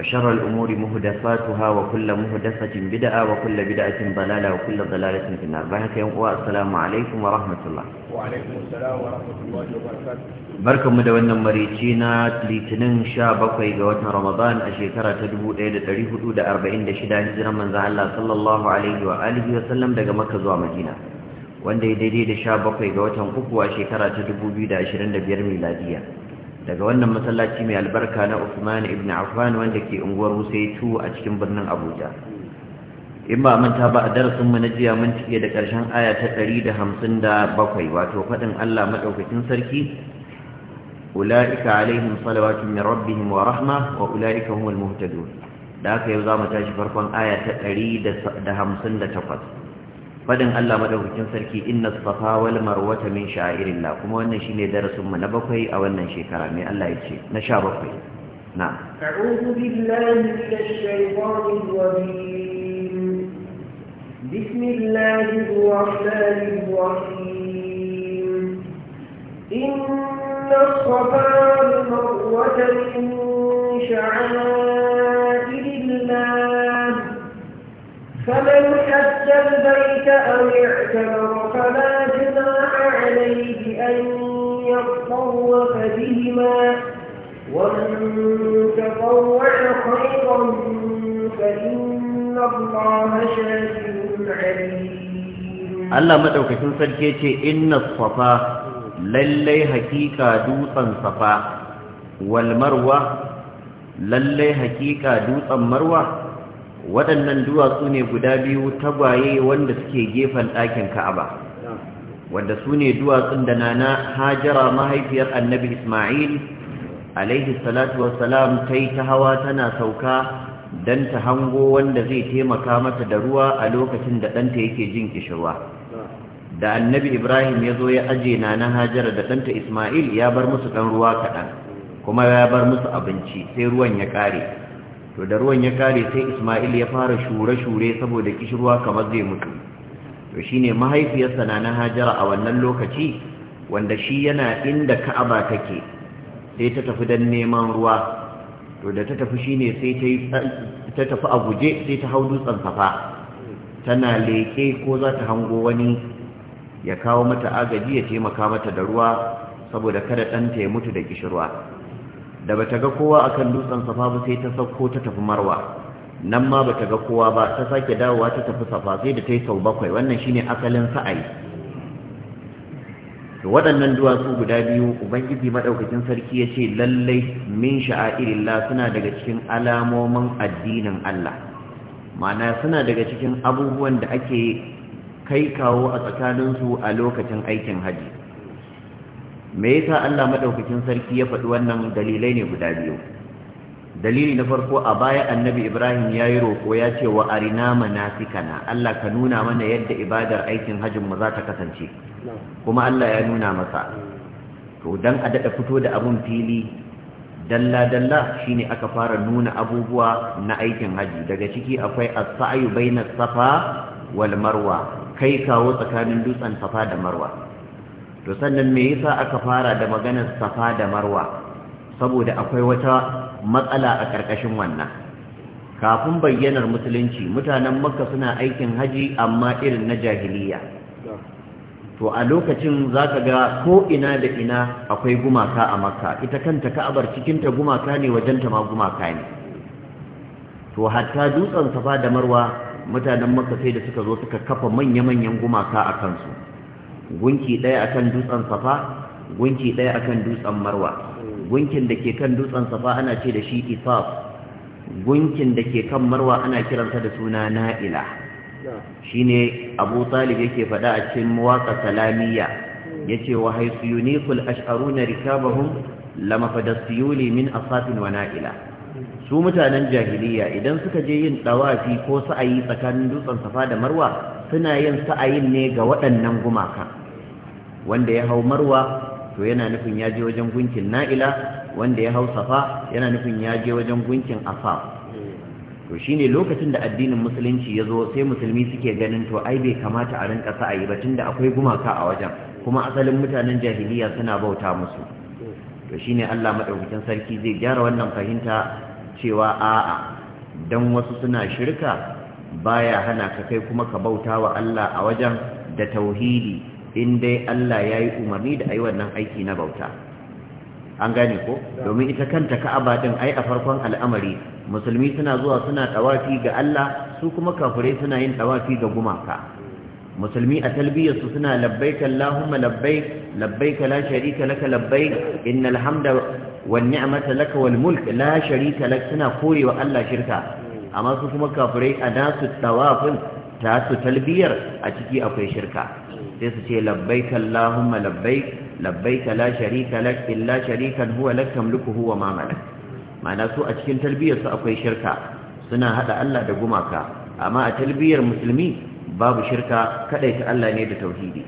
وشر الأمور مهدفاتها وكل مهدفة بدعة وكل بدعة ضلالة وكل ضلالة في النار بحك يوم السلام عليكم ورحمة الله وعليكم السلام ورحمة الله وبركاته بركم مدونا مريتينا لتنين شابك ويقوتنا رمضان أشيكرة تدبو إيدة تريه دودة أربعين دشدة هجرة من ذا الله صلى الله عليه وآله وسلم دقى مكة زوا مدينة وان دي دي دي شابك ويقوتنا قفوة أشيكرة تدبو بيدة عشرين دبير ميلادية daga wannan masallaci mai albarka na Usman ibn Affan wanda ke unguwar Husaytu a cikin birnin Abuja in ba manta ba a darasin mu na jiya mun cike da ƙarshen aya ta 157 wato fadin Allah madaukakin sarki ulaika alaihim salawatun min rabbihim wa rahma wa ulaika humul muhtadun da haka yau zamu tashi farkon aya ta 158 fadin Allah madaukakin sarki inna safa wal marwata min sha'irillah kuma wannan shine darasin mu na bakwai a wannan shekara mai Allah ya ce na 17 na a'udhu billahi minash shaitanir rajim bismillahir rahmanir rahim inna safa wal marwata min sha'irillah فمن حج البيت أو اعتمر فلا جناح عليه أن يطوف بهما ومن تطوع خيرا فإن الله شاكر عليم Allah madaukakin sarki ce inna safa lallai hakika dutsen safa wal marwa lallai hakika dutsen marwa waɗannan duwatsu ne guda biyu tagwaye wanda suke gefen ɗakin ka'aba wanda su ne duwatsun da nana hajara mahaifiyar annabi ismail alaihi salatu ta yi ta hawa tana sauka don ta hango wanda zai taimaka mata da ruwa a lokacin da ɗanta yake jin kishirwa da annabi ibrahim ya zo ya aje nana hajara da ɗanta ismail ya bar musu ɗan ruwa kaɗan kuma ya bar musu abinci sai ruwan ya ƙare to da ruwan ya kare sai Isma'il ya fara shure-shure saboda kishirwa kamar zai mutu to shine mahaifiyarsa na na Hajara a wannan lokaci wanda shi yana inda Ka'aba take sai ta tafi dan neman ruwa to da ta tafi shine sai ta tafi a guje sai ta hau dutsen safa tana leke ko za ta hango wani ya kawo mata agaji ya taimaka mata da ruwa saboda kada ɗanta ya mutu da kishirwa da bata ga kowa akan dutsen safa ba sai ta sako ta tafi marwa nan ma bata ga kowa ba ta sake dawowa ta tafi safa sai da ta yi sau bakwai wannan shine asalin sa'ayi waɗannan duwatsu guda biyu ubangiji maɗaukakin sarki ya ce lallai min sha'airillah suna daga cikin alamomin addinin Allah ma'ana suna daga cikin abubuwan da ake kai kawo a tsakaninsu a lokacin aikin hajji me yasa Allah madaukakin sarki ya faɗi wannan dalilai ne guda biyu dalili na farko a baya annabi Ibrahim ya yi roƙo ya ce wa arina manasikana Allah ka nuna mana yadda ibadar aikin hajjin mu za ta kasance kuma Allah ya nuna masa to dan a dada fito da abun fili dalla-dalla shine aka fara nuna abubuwa na aikin haji daga ciki akwai as-sa'yu bainas safa wal marwa kai kawo tsakanin dutsen safa da marwa to sannan me yasa aka fara da maganar safa da marwa saboda akwai wata matsala a ƙarƙashin wannan kafin bayyanar musulunci mutanen makka suna aikin haji amma irin na jahiliya to a lokacin za ka ga ko ina da ina akwai gumaka a makka ita kanta ka'abar cikinta gumaka ne wajenta ma gumaka ne to hatta dutsen safa da marwa mutanen makka sai da suka zo suka kafa manya-manyan gumaka a kansu gunki ɗaya akan dutsen safa gunki ɗaya akan dutsen marwa gunkin da ke kan dutsen safa ana ce da shi isaf gunkin da ke kan marwa ana kiransa da suna na'ila shine abu talib yake faɗa a cikin mawaƙa salamiya ya ce wa haisu yunikul ash'aruna rikabahun lama fadastiyuli min asafin wa na'ila su mutanen jahiliya idan suka je yin ɗawafi ko sa'ayi tsakanin dutsen safa da marwa suna yin sa'ayin ne ga waɗannan gumaka wanda ya hau marwa to yana nufin ya je wajen gunkin na'ila wanda ya hau safa yana nufin ya je wajen gunkin afa to shine lokacin da addinin musulunci ya zo sai musulmi suke ganin to ai bai kamata a rinka sa ayi ba tunda akwai gumaka a wajen kuma asalin mutanen jahiliya suna bauta musu to shine Allah madaukakin sarki zai gyara wannan fahimta cewa a'a dan wasu suna shirka baya hana ka kai kuma ka bauta wa Allah a wajen da tauhidi in dai Allah ya yi umarni da ayi wannan aiki na bauta an gane ko domin ita kanta ka'aba din ai a farkon al'amari musulmi suna zuwa suna tawafi ga Allah su kuma kafirai suna yin tawafi ga gumaka musulmi a talbiyar su suna labbaika Allahumma labbaik labbaika la sharika laka labbaik innal hamda wan ni'mata laka wal mulk la sharika lak suna korewa Allah shirka amma su kuma kafirai a nasu tawafin ta su talbiyar a ciki akwai shirka sai su ce labbaik Allahumma labbaik labbaik la sharika lak illa sharikan huwa lak tamlikuhu wa ma malak ma'ana su a cikin talbiyar su akwai shirka suna hada Allah da gumaka amma a talbiyar musulmi babu shirka kadai ta Allah ne da tauhidi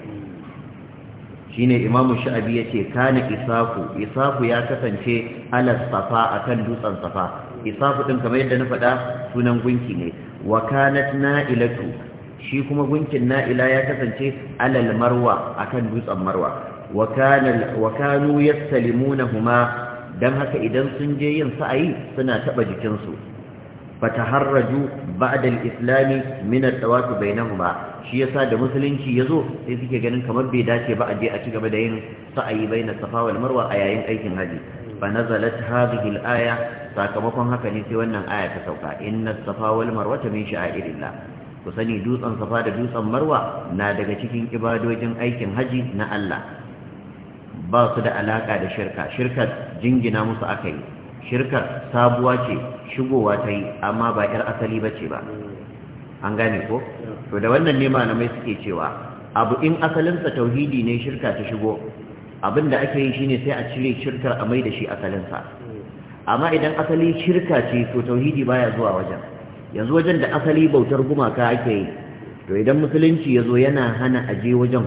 shine Imam Sha'abi yace kana isafu isafu ya kasance ala safa akan dutsen safa isafu din kamar yadda na faɗa sunan gunki ne wa kanat na'ilatu shi kuma gunkin na'ila ya kasance alal marwa akan dutsen marwa wa kanu huma dan haka idan sun je yin sa'ayi suna taba su fataharraju ba'da al-islam min at-tawaf bainahuma shi yasa da musulunci yazo sai suke ganin kamar bai dace ba a je a ci gaba da yin sa'ayi bainas safa wal marwa a yayin aikin haji fa nazalat hadhihi al-aya sakamakon haka ne sai wannan aya ta sauka inna safa wal marwa min sha'irillah ku sani dutsen safa da dutsen marwa na daga cikin ibadojin aikin haji na Allah ba su da alaka da shirka shirkar jingina musu aka yi shirkar sabuwa ce shigowa ta yi amma ba 'yar asali ba ce ba an gane ko to da wannan ne malamai suke cewa abu in asalinsa tauhidi ne shirka ta shigo abin da ake yi shine sai a cire shirkar a mai da shi asalinsa amma idan asali shirka ce to tauhidi baya zuwa wajen yanzu wajen da asali bautar gumaka ake yi to idan musulunci ya zo yana hana aje wajen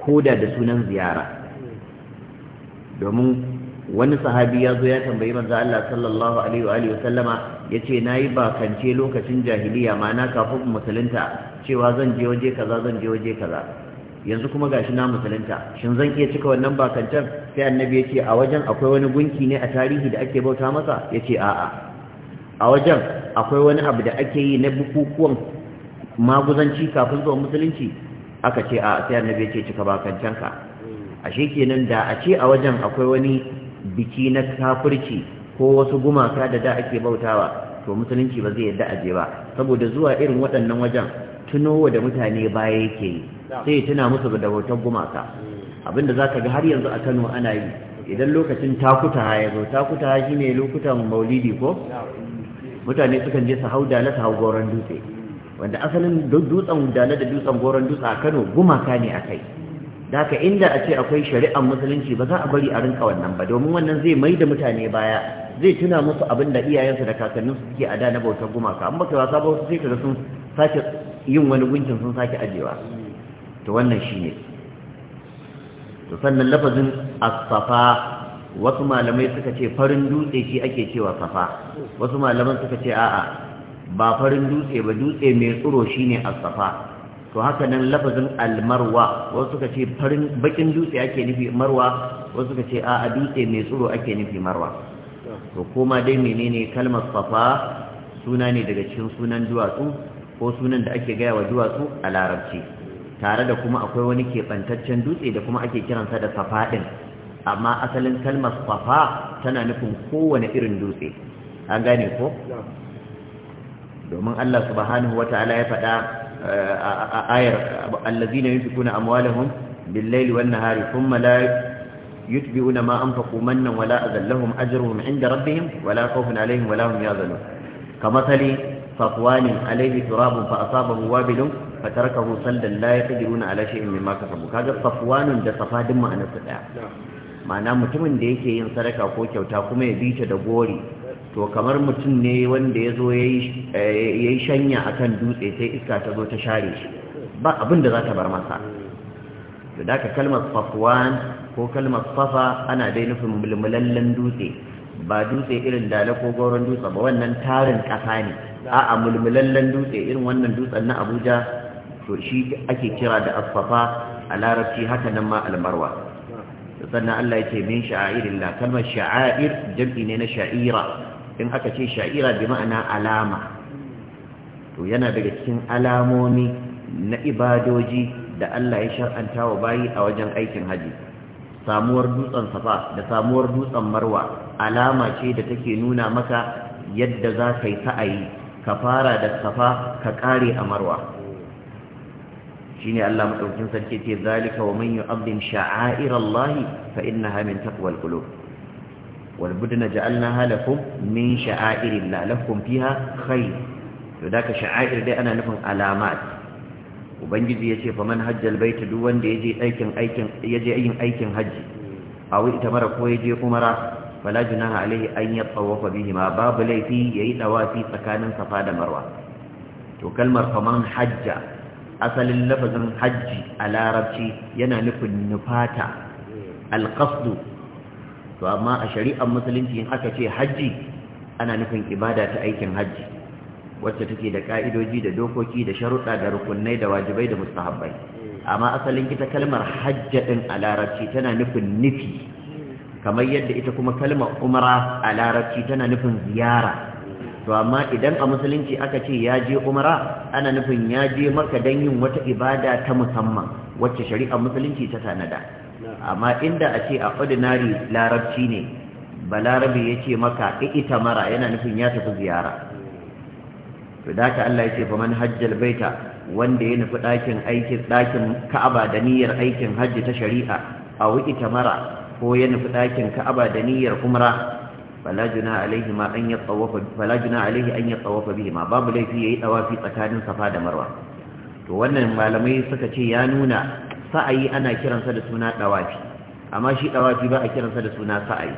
koda da sunan ziyara domin wani sahabi ya zo ya tambayi manzo Allah sallallahu alaihi wa alihi wasallama yace nayi bakance lokacin jahiliya ma'ana kafin musulunta cewa zan je waje kaza zan je waje kaza yanzu kuma gashi na musulunta shin zan iya cika wannan bakancen sai annabi yace a wajen akwai wani gunki ne a tarihi da ake bauta masa yace a'a a wajen akwai wani abu da ake yi na bukukuwan maguzanci kafin zuwa musulunci aka ce a sai annabi ya ce cika bakancanka ashe kenan da a ce a wajen akwai wani biki na kafirci ko wasu gumaka da da ake bautawa to musulunci ba zai yadda je ba saboda zuwa irin waɗannan wajen tunowa da mutane baya yake yi sai ya tuna musu da bautar gumaka abinda za ka ga har yanzu a kano ana yi idan lokacin takutaha ya zo takutaha shi ne lokutan maulidi ko mutane sukan je su hau dala su hau goron dutse wanda asalin dutsen dala da dutsen goron dutse a kano gumaka ne a kai da ka inda a ce akwai shari'ar musulunci ba za a bari a rinka wannan ba domin wannan zai mai da mutane baya zai tuna musu abin da iyayensu da kakanninsu suke a da na bautar gumaka Amma kai wasa ba sai kaga sun sake yin wani gunkin sun sake ajewa to wannan shine to sannan lafazin as-safa wasu malamai suka ce farin dutse shi ake cewa safa wasu malaman suka ce a'a ba farin dutse ba dutse mai tsuro shine as-safa to haka nan lafazin almarwa wasu suka ce farin bakin dutse ake nufi marwa wasu suka ce a'a dutse mai tsuro ake nufi marwa to koma dai menene kalmar safa suna ne daga cikin sunan duwatsu ko sunan da ake gaya wa duwatsu a larabci tare da kuma akwai wani keɓantaccen dutse da kuma ake kiransa da safa ɗin amma asalin kalmar safa tana nufin kowane irin dutse an gane ko domin Allah subhanahu ya faɗa eh, a ayar allazina yunfikuna amwalahum bil-laili wan-nahari thumma la yutbi'una ma anfaqu mannan wala azallahum ajruhum 'inda rabbihim wala khawfun 'alayhim wala hum yahzanun kamathali صفوان عليه تراب فأصابه وابل فتركه ma'ana mutumin da yake yin sadaka ko kyauta kuma ya bi ta da gori to kamar mutum ne wanda ya zo ya yi eh, shanya a kan dutse sai iska ta zo ta share shi ba abin da za ta bar masa to da ka kalmar safwan ko kalmar safa ana dai nufin mulmulallen dutse ba dutse irin dala ko goron dutse ba wannan tarin kasa ne a'a mulmulallen dutse irin wannan dutsen na abuja to shi ake kira da asfafa a larabci haka nan ma almarwa sannan Allah ya ce min sha'irin la kalmar sha'ir jam'i ne na sha'ira in aka ce sha'ira bi ma'ana alama to yana daga cikin alamomi na ibadoji da Allah ya shar'anta wa bayi a wajen aikin haji samuwar dutsen safa da samuwar dutsen marwa alama ce da take nuna maka yadda za ka yi sa'ayi ka fara da safa ka kare a marwa ne Allah madaukin sarki ce zalika wa man yu'azzim sha'air Allah fa innaha min taqwal qulub wal budna ja'alnaha lakum min sha'air Allah fiha kai. to daka sha'air dai ana nufin alamat ubangiji ya ce faman hajjal baita duk wanda ya je yin aikin A awi ita mara ko yaje umara fala junaha alaihi an bihi ma. babu laifi yayi dawafi tsakanin safa da marwa to kalmar faman hajja asalin lafazin hajji a larabci yana nufin nufata alƙasdu to amma a shari'ar musulunci in aka ce hajji ana nufin ibada ta aikin hajji wacce take da ka'idoji da dokoki da sharuɗa da rukunai da wajibai da mustahabbai amma asalin ita kalmar hajja ɗin a larabci tana nufin nufi kamar yadda ita kuma kalmar umara a larabci tana nufin ziyara to amma idan a musulunci aka ce ya je umara ana nufin ya je maka don yin wata ibada ta musamman wacce shari'ar musulunci ta tanada amma inda a ce a ordinary larabci ne balarabe ya ce maka ita mara yana nufin ya tafi ziyara to da Allah ya ce faman hajjal baita wanda ya nufi ɗakin ka'aba da niyyar aikin hajji ta shari'a a wuki tamara ko ya nufi ɗakin ka'aba da niyyar umara. فلا جنا عليه ما أن tsawafa bihima babu laifi أن يطوف بهما باب لي da marwa to wannan malamai suka ce ya nuna sa'ayi ana kiransa da suna dawafi amma shi dawafi ba a kiransa da suna sa'ayi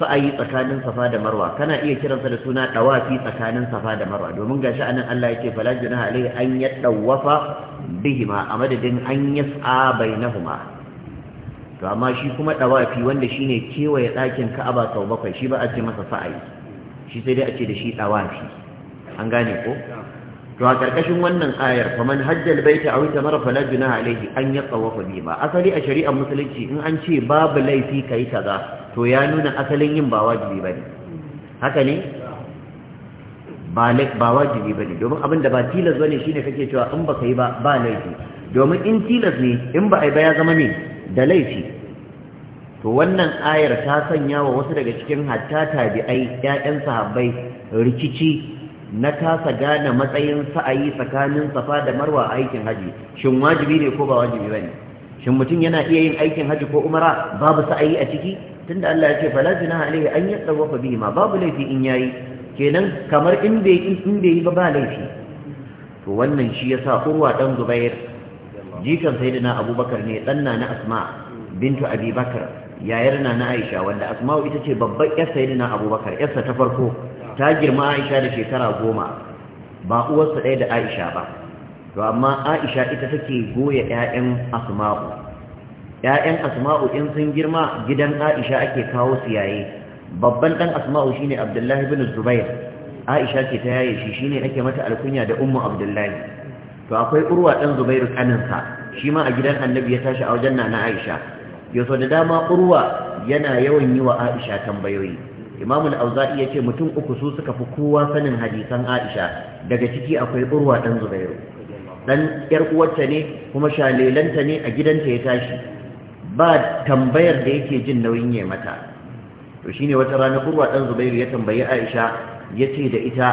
sa'ayi tsakanin safa da marwa kana iya kiransa da suna dawafi tsakanin safa da marwa domin gashi anan Allah yake fala junaha alaihi an tsawafa bihima a madadin an yas'a bainahuma to amma shi kuma dawafi wanda shine kewaye ɗakin ka'aba sau bakwai shi ba a ce masa sa'ayi shi sai dai a ce da shi dawafi an gane ko to a karkashin wannan ayar faman hajjal baita aw tamara fala junaha alayhi an yatawafa bi ba asali a shari'ar musulunci in an ce babu laifi kai kaza to ya nuna asalin yin ba wajibi bane haka ne ba ba wajibi bane domin abin da ba tilas bane shine kake cewa in baka yi ba ba laifi domin in tilas ne in ba ai ba ya zama ne da laifi to wannan ayar ta sanya wa wasu daga cikin hatta tabi'ai ƴaƴan sahabbai rikici na kasa gane matsayin sa'ayi tsakanin safa da marwa aikin haji shin wajibi ne ko ba wajibi bane shin mutum yana iya yin aikin haji ko umara babu sa'ayi a ciki tunda Allah ya ce fala junaha alayhi an yatawafa bihi ma babu laifi in yayi kenan kamar in bai in bai yi ba ba laifi to wannan shi yasa urwa dan zubair jikan saidina abubakar ne ɗan na asma bintu Abibakar bakar yayar na na aisha wanda asma'u ita ce babban yar saidina abubakar yarsa ta farko ta girma aisha da shekara goma ba uwarsa ɗaya da aisha ba to amma aisha ita take goya ƴaƴan asma'u ƴaƴan asma'u in sun girma gidan aisha ake kawo su yaye babban ɗan asma'u shine abdullahi bin zubair aisha ce ta yaye shi shine ake mata alkunya da ummu abdullahi to akwai urwa ɗan zubairu ƙaninsa shi ma a gidan annabi ya tashi a wajen na na aisha yaso da dama urwa yana yawan yi wa aisha tambayoyi imam auza'i ya ce mutum uku su suka fi kowa sanin hadisan aisha daga ciki akwai urwa ɗan zubairu Ɗan yar uwarta ne kuma shalelanta ne a gidanta ya tashi ba tambayar da yake jin nauyin ya mata to shine wata rana urwa ɗan zubairu ya tambayi aisha ya ce da ita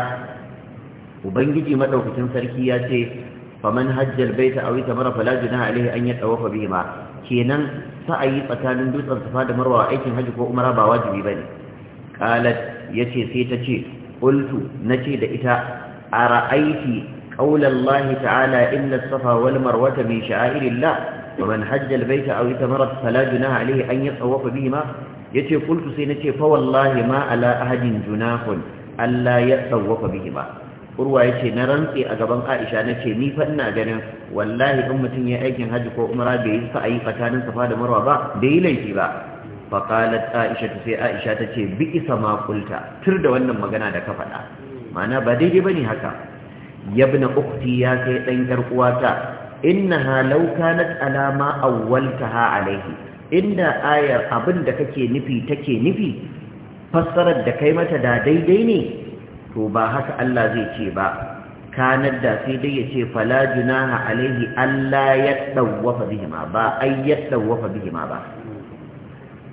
ubangiji madaukakin sarki ya ce faman hajjal baita aw itamara fala junaha alayhi an yatawafa bihima kenan sa'ayi tsakanin dutsen safa da marwa aikin haji ko umara ba wajibi bane qalat yace sai ta ce qultu nace da ita ara'aiti قول الله تعالى إن الصفا والمروة من شعائر الله ومن حج البيت أو يتمرد فلا جناح عليه أن يطوف بهما يتي قلت سينتي فوالله ما على أحد جناح ألا يطوف بهما urwa ya ce na rantse a gaban aisha na ce ni fa ina ganin wallahi in mutum ya aikin hajji ko umara da yi sa a yi tsakanin safa da marwa ba bai yi laifi ba faƙalar aisha ta sai aisha ta ce bi isa makulta tur da wannan magana da ka faɗa mana ba daidai ba ne haka yabna ukti ya kai ɗan yar uwata ha law kanat alama awwaltaha alaihi inda ayar abin da kake nufi take nufi fassarar da kai mata da daidai ne to ba haka Allah zai ce ba kanar da sai dai ya ce fala junaha alaihi Allah ya dawwafa bihima ba ai ya dawwafa bihima ba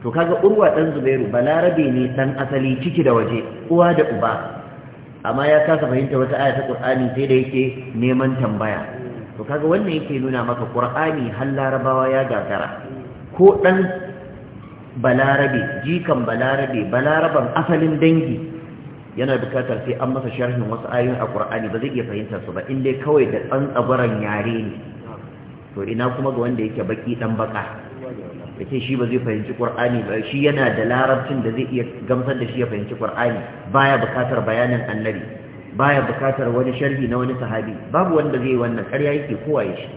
to kaga urwa dan zubairu balarabe ne dan asali ciki da waje uwa da uba amma ya kasa fahimta wata aya ta qur'ani sai da yake neman tambaya to kaga wannan yake nuna maka qur'ani har larabawa ya gagara ko dan balarabe jikan balarabe balaraban asalin dangi yana bukatar sai an masa sharhin wasu ayoyin a Kur'ani ba zai iya fahimtar su ba in dai kawai da tsantsabaran yare ne to ina kuma ga wanda yake baki ɗan baka da ce shi ba zai fahimci ƙur'ani ba shi yana da larabcin da zai iya gamsar da shi ya fahimci ƙur'ani baya bukatar bayanin annabi baya bukatar wani sharhi na wani sahabi babu wanda zai wannan ƙarya yake kowa ya shi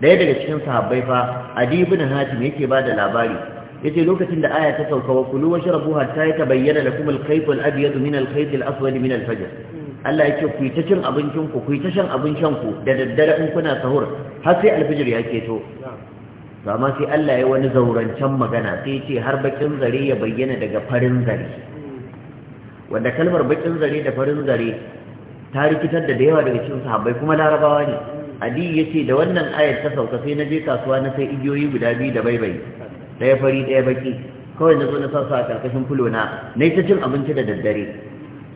ɗaya daga cikin sahabbai fa adi na hatim yake ba da labari yace lokacin da aya ta sauka wa kulu wa shrabu hatta bayyana lakum al-khayt al-abyad min al-khayt al-aswad min al-fajr Allah yake ku ta cin abincin ku ku ta shan abincin ku da daddare in kuna sahur har sai al-fajr ya keto to amma sai Allah ya wani zaurancan magana sai yace har bakin zare ya bayyana daga farin zare wanda kalmar bakin zare da farin zare ta rikitar da yawa daga cikin sahabbai kuma larabawa ne adi yace da wannan ayar ta sauka sai na je kasuwa na sai igiyoyi guda biyu da baibai ɗaya fari ɗaya baki kawai na zo na sassa a ƙarƙashin fulona, na na ta cin abinci da daddare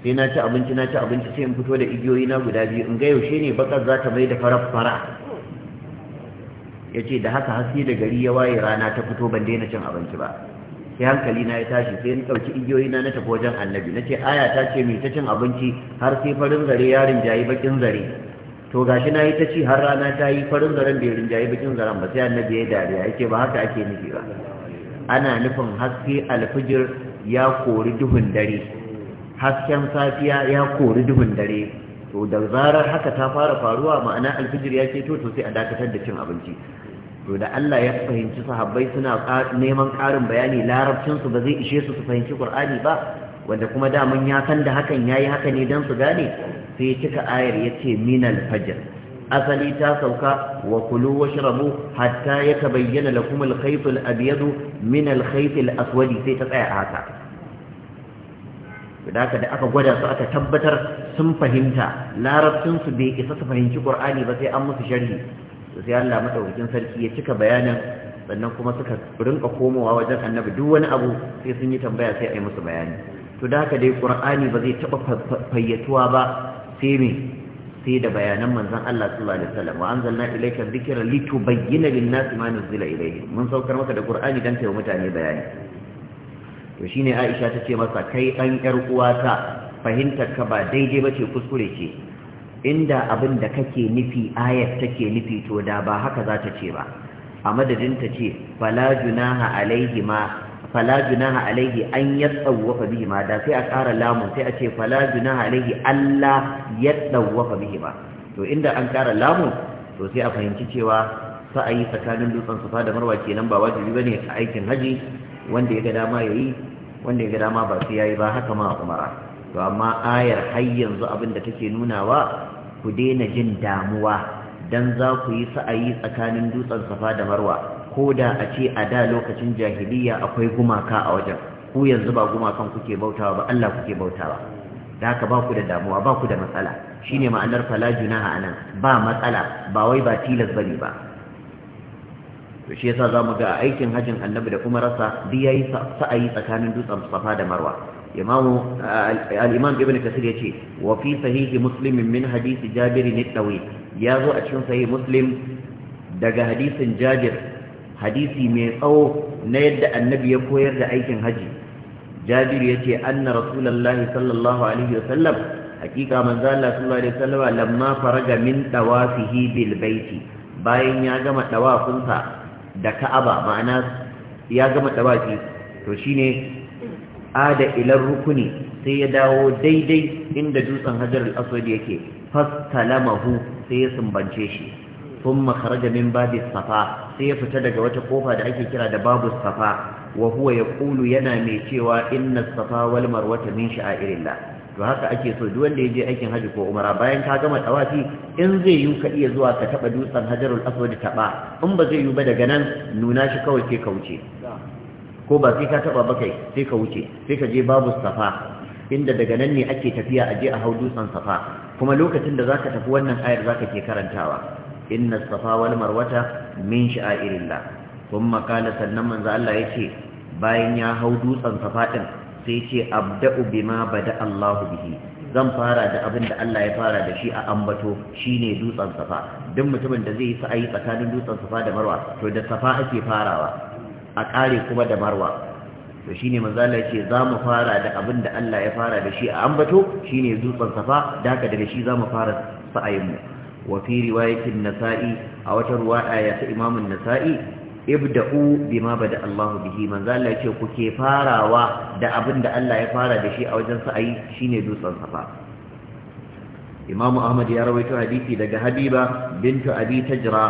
sai na ci abinci na ci abinci sai in fito da igiyoyi na guda biyu in ga yaushe ne bakar za ta mai da farar fara ya ce da haka haske da gari ya waye rana ta fito ban daina cin abinci ba sai hankali na ya tashi sai na ɗauki igiyoyi na na tafi wajen annabi na ce aya ta ce mai ta cin abinci har sai farin zare yarin jayi bakin zare to gashi na yi ta ci har rana ta yi farin zaren bai rinjaye bikin zaren ba sai annabi ya dariya yake ba haka ake nufi ba ana nufin haske alfijir ya kori duhun dare hasken safiya ya kori duhun dare to da zarar haka ta fara faruwa ma'ana alfijir ya ceto to sai a dakatar da cin abinci to da Allah ya fahimci sahabbai suna neman karin bayani larabcin su ba zai ishe su su fahimci Qur'ani ba wanda kuma daman ya san da hakan yayi haka ne dan su gane sai cika ayar yace minal fajr asali ta sauka wa kulu washrabu hatta yaka bayyana al-khayt al-abyad min al-khayt sai ta tsaya haka da da aka gwada su aka tabbatar sun fahimta Larabcinsu bai isa su fahimci qur'ani ba sai an musu sharhi sai Allah madaukakin sarki ya cika bayanin sannan kuma suka rinka komowa wajen annabi duk wani abu sai sun yi tambaya sai a yi musu bayani to da haka dai qur'ani ba zai taba fayyatuwa ba sai me sai da bayanan manzon Allah sallallahu alaihi wasallam wa anzalna ilayka dhikra litubayyana lin-nasi ma nuzila ilayhim mun saukar maka da qur'ani dan tayi mutane bayani to shine Aisha ta ce masa kai dan yar uwata fahimtar ka ba daidai bace kuskure ce inda abin da kake nufi ayat take nufi to da ba haka za ta ce ba a madadin ta ce fala junaha alaihima fala junaha alaihi an yatsawafa bihi ma da sai a ƙara lamun sai a ce fala junaha alaihi Allah yatsawafa bihi ma to inda an ƙara lamun to sai a fahimci cewa yi tsakanin dutsen safa da marwa kenan ba wajibi bane a aikin haji wanda ya ga dama yayi wanda ya ga dama ba sai yayi ba haka ma umara to amma ayar har yanzu abin da take nunawa ku daina jin damuwa dan za ku yi sa'ayi tsakanin dutsen safa da marwa ko da a ce a da lokacin jahiliya akwai gumaka a wajen ku yanzu ba gumakan kuke bautawa ba Allah kuke bautawa da haka ba ku da damuwa ba ku da matsala Shi ne ma'anar fala a nan, ba matsala ba wai ba tilas ba ne ba to shi yasa zamu ga aikin hajjin Annabi da umarsa duk yi sa'ayi tsakanin dutsen Safa da Marwa imamu al-Imam Ibn Kathir yace wa fi sahihi Muslim min hadisi Jabir ibn Tawi ya zo a cikin sahihi Muslim daga hadisin Jabir hadisi mai tsawo na yadda annabi ya koyar da aikin haji Jabiru ya ce anna Rasulallah sallallahu alaihi wasallam hakika manzo Allah sallallahu alaihi wasallam lamma faraga min tawafihi bil baiti bayan ya gama tawafinsa da Ka'aba ma'ana ya gama tawafi to shine ada ilar rukuni sai ya dawo daidai inda dutsen hajar al-aswad yake fastalamahu sai ya sumbance shi thumma kharaja min babi safa sai ya fita daga wata kofa da ake kira da babu safa wa huwa yaqulu yana mai cewa inna safa wal marwata min sha'irillah to haka ake so duk wanda je aikin haji ko umara bayan ka gama tawafi in zai yi ka iya zuwa ka taba dutsen hajarul aswad taba in ba zai yi ba daga nan nuna shi kawai sai ka wuce ko ba sai ka taba ba kai sai ka wuce sai ka je babu safa inda daga nan ne ake tafiya aje a hau dutsen safa kuma lokacin da zaka tafi wannan ayar zaka ke karantawa inna safa wal marwata min sha'irillah kuma kala sannan manzo Allah yace bayan ya hau dutsen safa din sai yace abda'u bima bada Allahu bihi zan fara da abin da Allah ya fara da shi a ambato shine dutsen safa duk mutumin da zai yi sa'ayi tsakanin dutsen safa da marwa to da safa ake farawa a kare kuma da marwa to shine manzo Allah yace zamu fara da abin da Allah ya fara da shi a ambato shine dutsen safa da haka daga shi zamu fara sa'ayin mu وفي رواية النسائي أو رواية إمام النسائي ابدأوا بما بدأ الله به من ذا الله يقول كفارا ودا أبن دا الله يفارا دا شيء أو جنس أي شيء ندوس الصفا إمام أحمد يروي حديثي دا حبيبة بنت أبي تجرى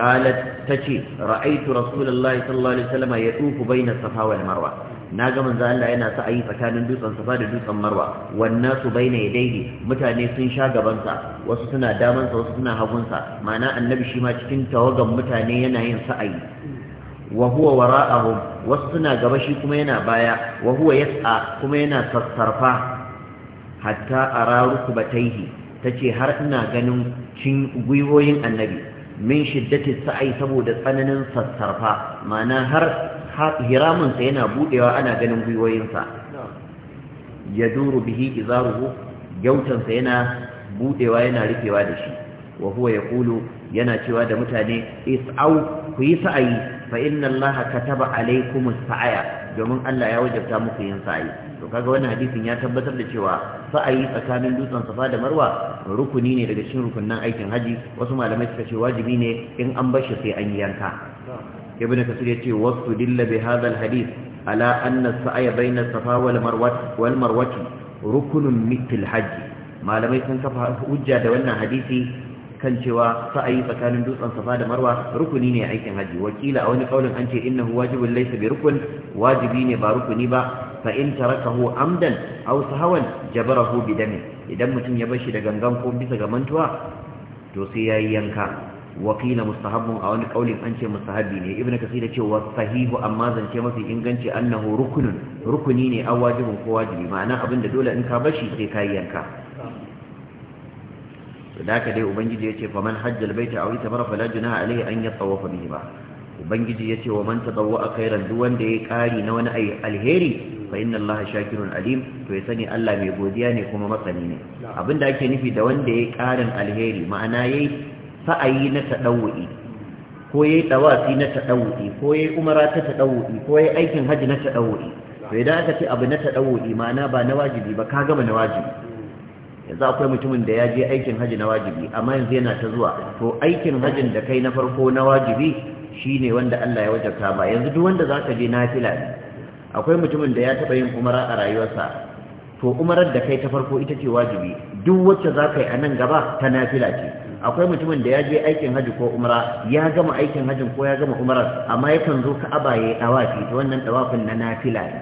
قالت تشي رأيت رسول الله صلى الله عليه وسلم يطوف بين الصفا والمروة na ga manzo Allah yana sa sa'ayi tsakanin dutsen Safa da dutsen Marwa wannan su baina yadaihi mutane sun sha gaban sa wasu suna daman sa wasu suna hagun sa ma'ana annabi shi ma cikin tawagan mutane yana yin sa'ayi wa huwa wara'ahum wasu suna gaba shi kuma yana baya wa huwa yas'a kuma yana sassarfa hatta ara rukbataihi tace har ina ganin cin gwiwoyin annabi min shiddati sa'ai saboda tsananin sassarfa ma'ana har hiraminsa yana budewa ana ganin gwiwoyinsa ya duru bihi izaruhu gyautansa yana budewa yana rufewa da shi wa huwa ya kulu yana cewa da mutane is'au ku yi sa'ayi fa inna Allah kataba alaikumus sa'aya domin Allah ya wajabta muku yin sa'ayi to kaga wannan hadisin ya tabbatar da cewa sa'ayi tsakanin dutsen Safa da Marwa rukuni ne daga cikin rukunnan aikin haji wasu malamai suka ce wajibi ne in an bar shi sai an yi yanka ibn kasir yace wasu dilla bi hadha alhadith ala anna as-sa'ya bayna safa wal marwa wal marwati rukunun mithl hajj malamai sun kafa hujja da wannan hadisi kan cewa sa'ayi tsakanin dutsen safa da marwa rukuni ne aikin haji wakila a wani kaulin an ce innahu wajibun laysa bi rukun wajibi ne ba rukuni ba fa in tarakahu amdan aw sahawan jabarahu bi dami idan mutum ya bar shi da gangan ko bisa ga mantuwa to sai yayi yanka wakila mustahabun a wani kaulin an ce mustahabi ne ibnu kasir yace wa sahihu amma zance mafi inganci annahu ruknun rukuni ne a wajibin ko wajibi ma'ana abinda dole in ka bashi sai ka yi yanka sadaka dai ubangiji yace fa man hajja albayta aw itamara fala junaha alayhi an yatawafa bihi ba ubangiji yace wa man tadawwa khairan duk wanda yayi kari na wani ayi alheri fa inna allaha shakirun alim to ya sani allah mai godiya ne kuma masani ne abinda ake nufi da wanda ya yi karin alheri ma'ana yayi sa'ayi na taɗawu'i ko ya yi ɗawafi na taɗawu'i ko ya yi umara ta taɗawu'i ko ya yi aikin hajji na taɗawu'i to idan aka ce abu na taɗawu'i ma'ana ba na wajibi ba ka gama na wajibi yanzu akwai mutumin da ya je aikin hajji na wajibi amma yanzu yana ta zuwa to aikin hajjin da kai na farko na wajibi shine wanda Allah ya wajabta ba yanzu duk wanda zaka je nafila ne akwai mutumin da ya taɓa yin umara a rayuwarsa to umarar da kai ta farko ita ce wajibi duk wacce za ka yi a nan gaba ta nafila ce akwai mutumin da ya je aikin hajji ko umra ya gama aikin hajin ko ya gama umrar amma yakan zo ka'aba ya yi dawafi ta wannan dawafin na nafila ne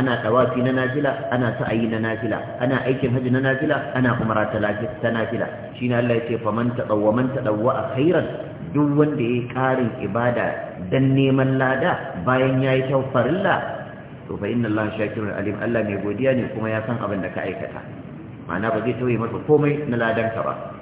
ana dawafi na nafila ana sa'ayi na nafila ana aikin hajji na nafila ana umra ta ta nafila shine Allah ya ce faman tadawwa man tadawwa khairan duk wanda yayi karin ibada dan neman lada bayan yayi tawfarilla to fa inna Allah shakirun alim Allah mai godiya ne kuma ya san abin da ka aikata ma'ana ba zai tauye masa komai na ladanka ba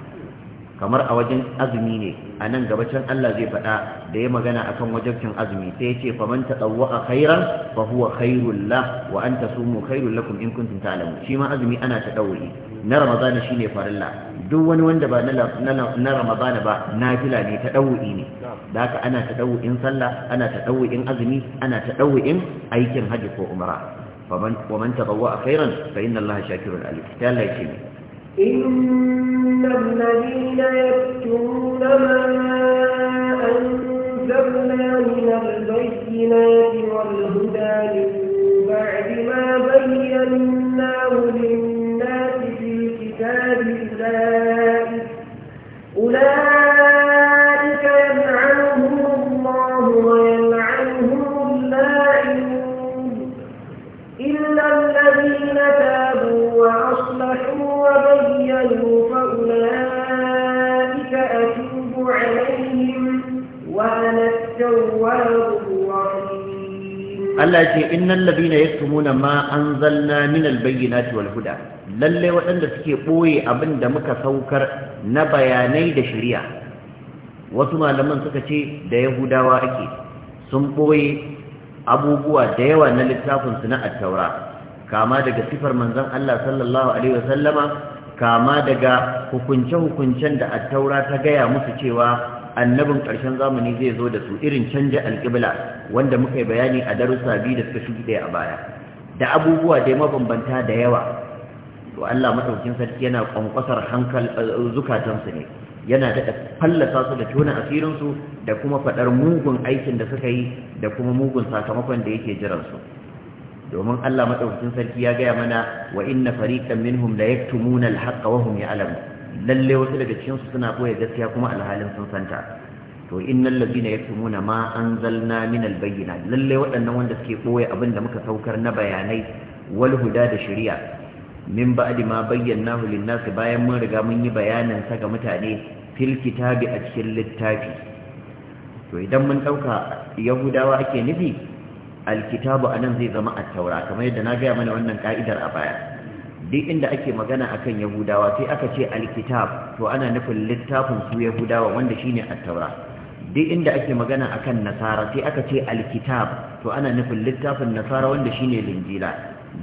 kamar a wajen azumi ne a nan gabacin Allah zai faɗa da ya magana a akan wajabcin azumi sai ya ce faman a khairan fa huwa khairul la wa an tasumu khairul lakum in kuntum ta'lamun shi ma azumi ana ta tadawwi na ramadan ne farilla duk wani wanda ba na ramadan ba nafila ne ta tadawwi ne da haka ana ta in sallah ana ta in azumi ana ta in aikin hajji ko umra faman waman tatawwa khairan fa inna Allah shakirun alim ya Allah ya ce إن الذين يكتمون ما أنزلنا من البينات والهدى من بعد ما بيناه للناس Allah ce innal ladina yaktumuna ma anzalna min albayyinati wal huda lalle waɗanda suke ɓoye abin da muka saukar na bayanai da shari'a wasu malaman suka ce da yahudawa ake sun ɓoye abubuwa da yawa na littafin su na Attaura, kama daga sifar manzon Allah sallallahu alaihi kama daga hukunce-hukuncen da Attaura ta gaya musu cewa annabin ƙarshen zamani zai zo da su irin canja alƙibla wanda muka yi bayani a darussa biyu da suka shige a baya da abubuwa dai mabambanta da yawa to Allah madaukakin sarki yana kwankwasar hankal eh, su ne yana daɗa fallasa su da tona asirinsu da kuma faɗar mugun aikin da suka yi da kuma mugun sakamakon da yake su domin Allah madaukakin sarki ya gaya mana wa inna fariqan minhum la yaktumuna al-haqqa wa hum ya'lamun lalle wasu daga cikin su suna boye gaskiya kuma alhalin sun santa to innal ladina yaktumuna ma anzalna min albayyinat lalle waɗannan wanda suke boye abin da muka saukar na bayanai wal huda da shari'a min ba'di ma bayyanahu lin bayan mun riga mun yi bayanin sa ga mutane fil kitabi a cikin littafi to idan mun dauka yahudawa ake nufi alkitabu anan zai zama at-taura kamar yadda na ga mana wannan ka'idar a baya duk inda ake magana akan yahudawa sai aka ce alkitab to ana nufin littafin su yahudawa wanda shine Attaura. duk inda ake magana akan nasara sai aka ce alkitab to ana nufin littafin nasara wanda shine linjila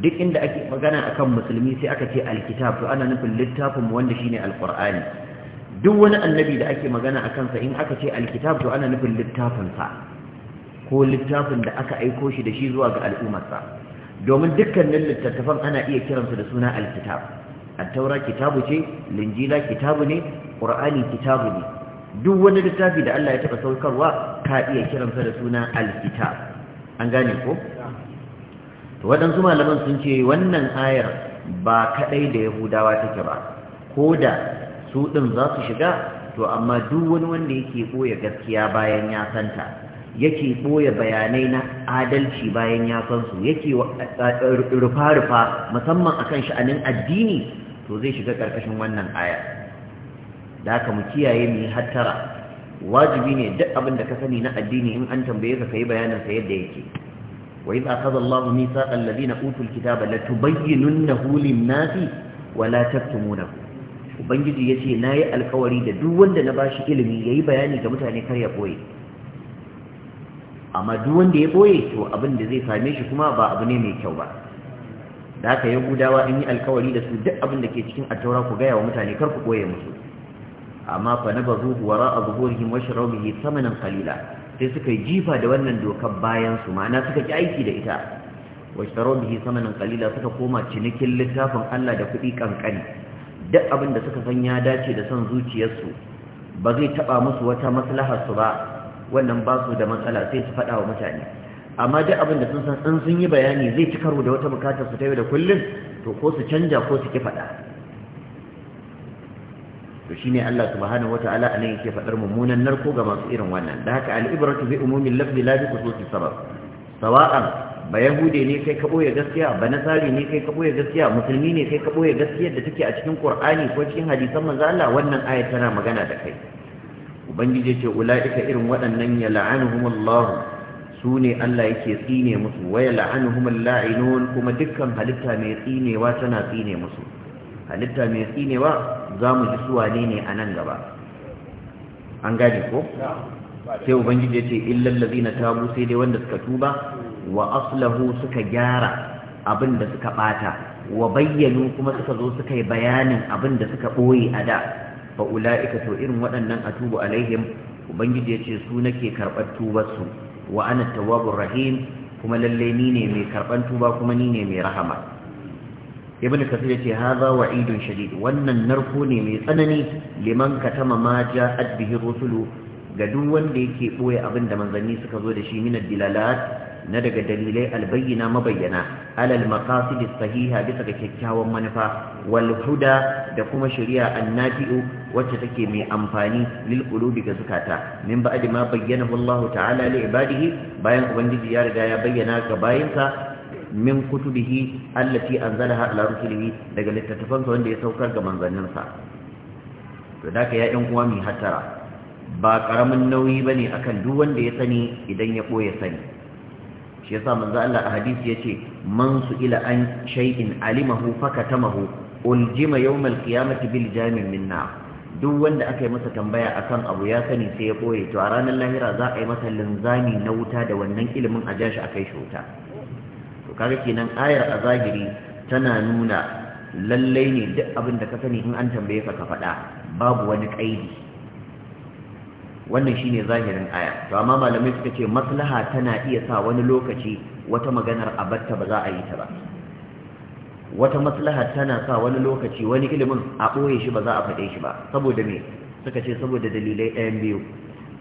duk inda ake magana akan musulmi sai aka ce alkitab to ana nufin littafin wanda shine alqur'ani duk wani annabi da ake magana akan sa in aka ce alkitab to ana nufin littafin sa ko littafin da aka aiko shi da shi zuwa ga al'ummarsa domin dukkanin littattafan ana iya kiransu da suna alkitab attaura kitabu ce linjila kitabu ne qur'ani kitabu ne duk wani littafi da Allah ya taɓa saukarwa ka iya kiransa da suna alkitab an gane ko waɗansu malaman sun ce wannan ayar ba kaɗai da yahudawa take ba ko da su ɗin za su shiga to amma duk wani wanda yake ɓoye gaskiya bayan ya santa yake boye bayanai na adalci bayan ya san su yake rufa-rufa musamman akan sha'anin addini to zai shiga ƙarƙashin wannan aya da haka mu kiyaye mu hattara wajibi ne duk abin da ka sani na addini in an tambaye ka kai bayanin sa yadda yake wa idza akhadha Allahu mithaqal ladina utul kitaba la tubayyinunnahu lin-nasi wa la taktumunahu ubangiji yace yi alkawari da duk wanda na bashi ilimi yayi bayani ga mutane kar ya boye amma duk wanda ya boye to abin da zai same shi kuma ba abu ne mai kyau ba da yi gudawa an yi alkawari da su duk abin da ke cikin attaura ku gaya wa mutane kar ku boye musu amma fa na bazu wara a zuhurihim wa sharabihi samanan qalila sai suka yi jifa da wannan dokar bayan su ma'ana suka ki aiki da ita wa sharabihi samanan qalila suka koma cinikin littafin Allah da kuɗi kankani duk abin da suka san ya dace da son zuciyarsu ba zai taɓa musu wata maslahar su ba wannan ba su da matsala sai su faɗa wa mutane amma duk abin da sun san in sun yi bayani zai ci karo da wata bukatar su ta yau da kullum to ko su canja ko su ki faɗa to ne Allah subhanahu wata'ala anan yake faɗar mummunan narko ga masu irin wannan da haka al'ibratu bi umumin lafzi la bi khususi sabab sawa'an ba yahude ne kai ka boye gaskiya ba nasari ne kai ka boye gaskiya musulmi ne kai ka boye gaskiyar da take a cikin qur'ani ko cikin hadisan manzo Allah wannan ayat tana magana da kai ubangiji ce ula'ika irin waɗannan ya la'anuhumullahu su ne Allah yake tsine musu wa ya la'anuhumul la'inun kuma dukkan halitta mai tsinewa tana tsine musu halitta mai tsinewa za mu ji suwa ne ne a nan gaba an gane ko sai ubangiji ce illal ladina tabu sai dai wanda suka tuba wa aslahu suka gyara abin da suka bata wa bayyanu kuma suka zo suka yi bayanin abin da suka boye a da fa ula'ika to irin waɗannan atubu alaihim ubangiji ya ce su nake karɓar tubarsu wa ana tawwabur rahim kuma lalle ni ne mai karɓar tuba kuma ni ne mai rahama ibn kasir ya ce hadha wa'idun shadid wannan narko ne mai tsanani liman katama ma ja'at bihi rusulu ga duk wanda yake boye abin da manzanni suka zo da shi min ad-dilalat na daga dalilai albayyana mabayyana alal maqasid sahiha bisa ga kyakkyawan manufa wal huda da kuma shari'a annabi'u wacce take mai amfani lil qulubi ga zakata min ba'd ma bayyana Allah ta'ala li ibadihi bayan ubangiji ya riga ya bayyana ga bayinsa min kutubihi allati anzalaha ala rusulihi daga littattafansa wanda ya saukar ga sa to da ya ɗan uwa mai hattara. ba karamin nauyi ba ne akan duk wanda ya sani idan ya ɓoye sani shi yasa manzo Allah a hadisi yace man su ila an shay'in alimahu fakatamahu uljima yawmal qiyamati bil jamin min nar duk wanda aka yi masa tambaya akan abu ya sani sai ya boye to a ranar lahira za a yi masa linzami na wuta da wannan ilimin a jashi akai shi to kaga kenan ayar a zahiri tana nuna lallai ne duk abin da ka sani in an tambaye ka ka faɗa babu wani ƙa'idi. wannan shine zahirin aya to amma malamai suka ce maslaha tana iya sa wani lokaci wata maganar abatta ba za a yi ta ba wata maslaha tana sa wani lokaci wani ilimin a ɓoye shi ba za a faɗe shi ba saboda me suka ce saboda dalilai ɗayan biyu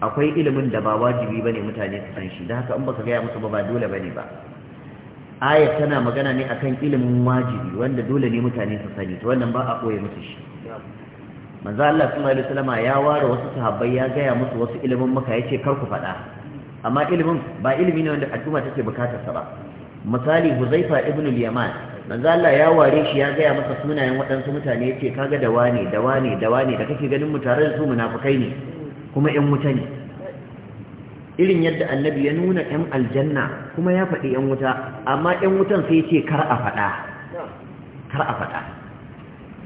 akwai ilimin da ba wajibi bane mutane su san shi da haka in ba ka gaya musu ba ba dole bane ba aya tana magana ne akan ilimin wajibi wanda dole ne mutane su sani to wannan ba a ɓoye musu shi manzo Allah sallallahu alaihi wasallama ya ware wasu sahabbai ya gaya musu wasu ilimin maka yace kar ku faɗa amma ilimin ba ilimi ne wanda al'umma take bukatar sa ba misali Huzaifa ibn al-Yaman manzo Allah ya ware shi ya gaya masa sunayen waɗansu mutane yace kaga da wane da wane da da kake ganin mu tare da su munafikai ne kuma ƴan wuta ne irin yadda annabi ya nuna ƴan aljanna kuma ya faɗi ƴan wuta amma ƴan wutan sai yace kar a faɗa kar a faɗa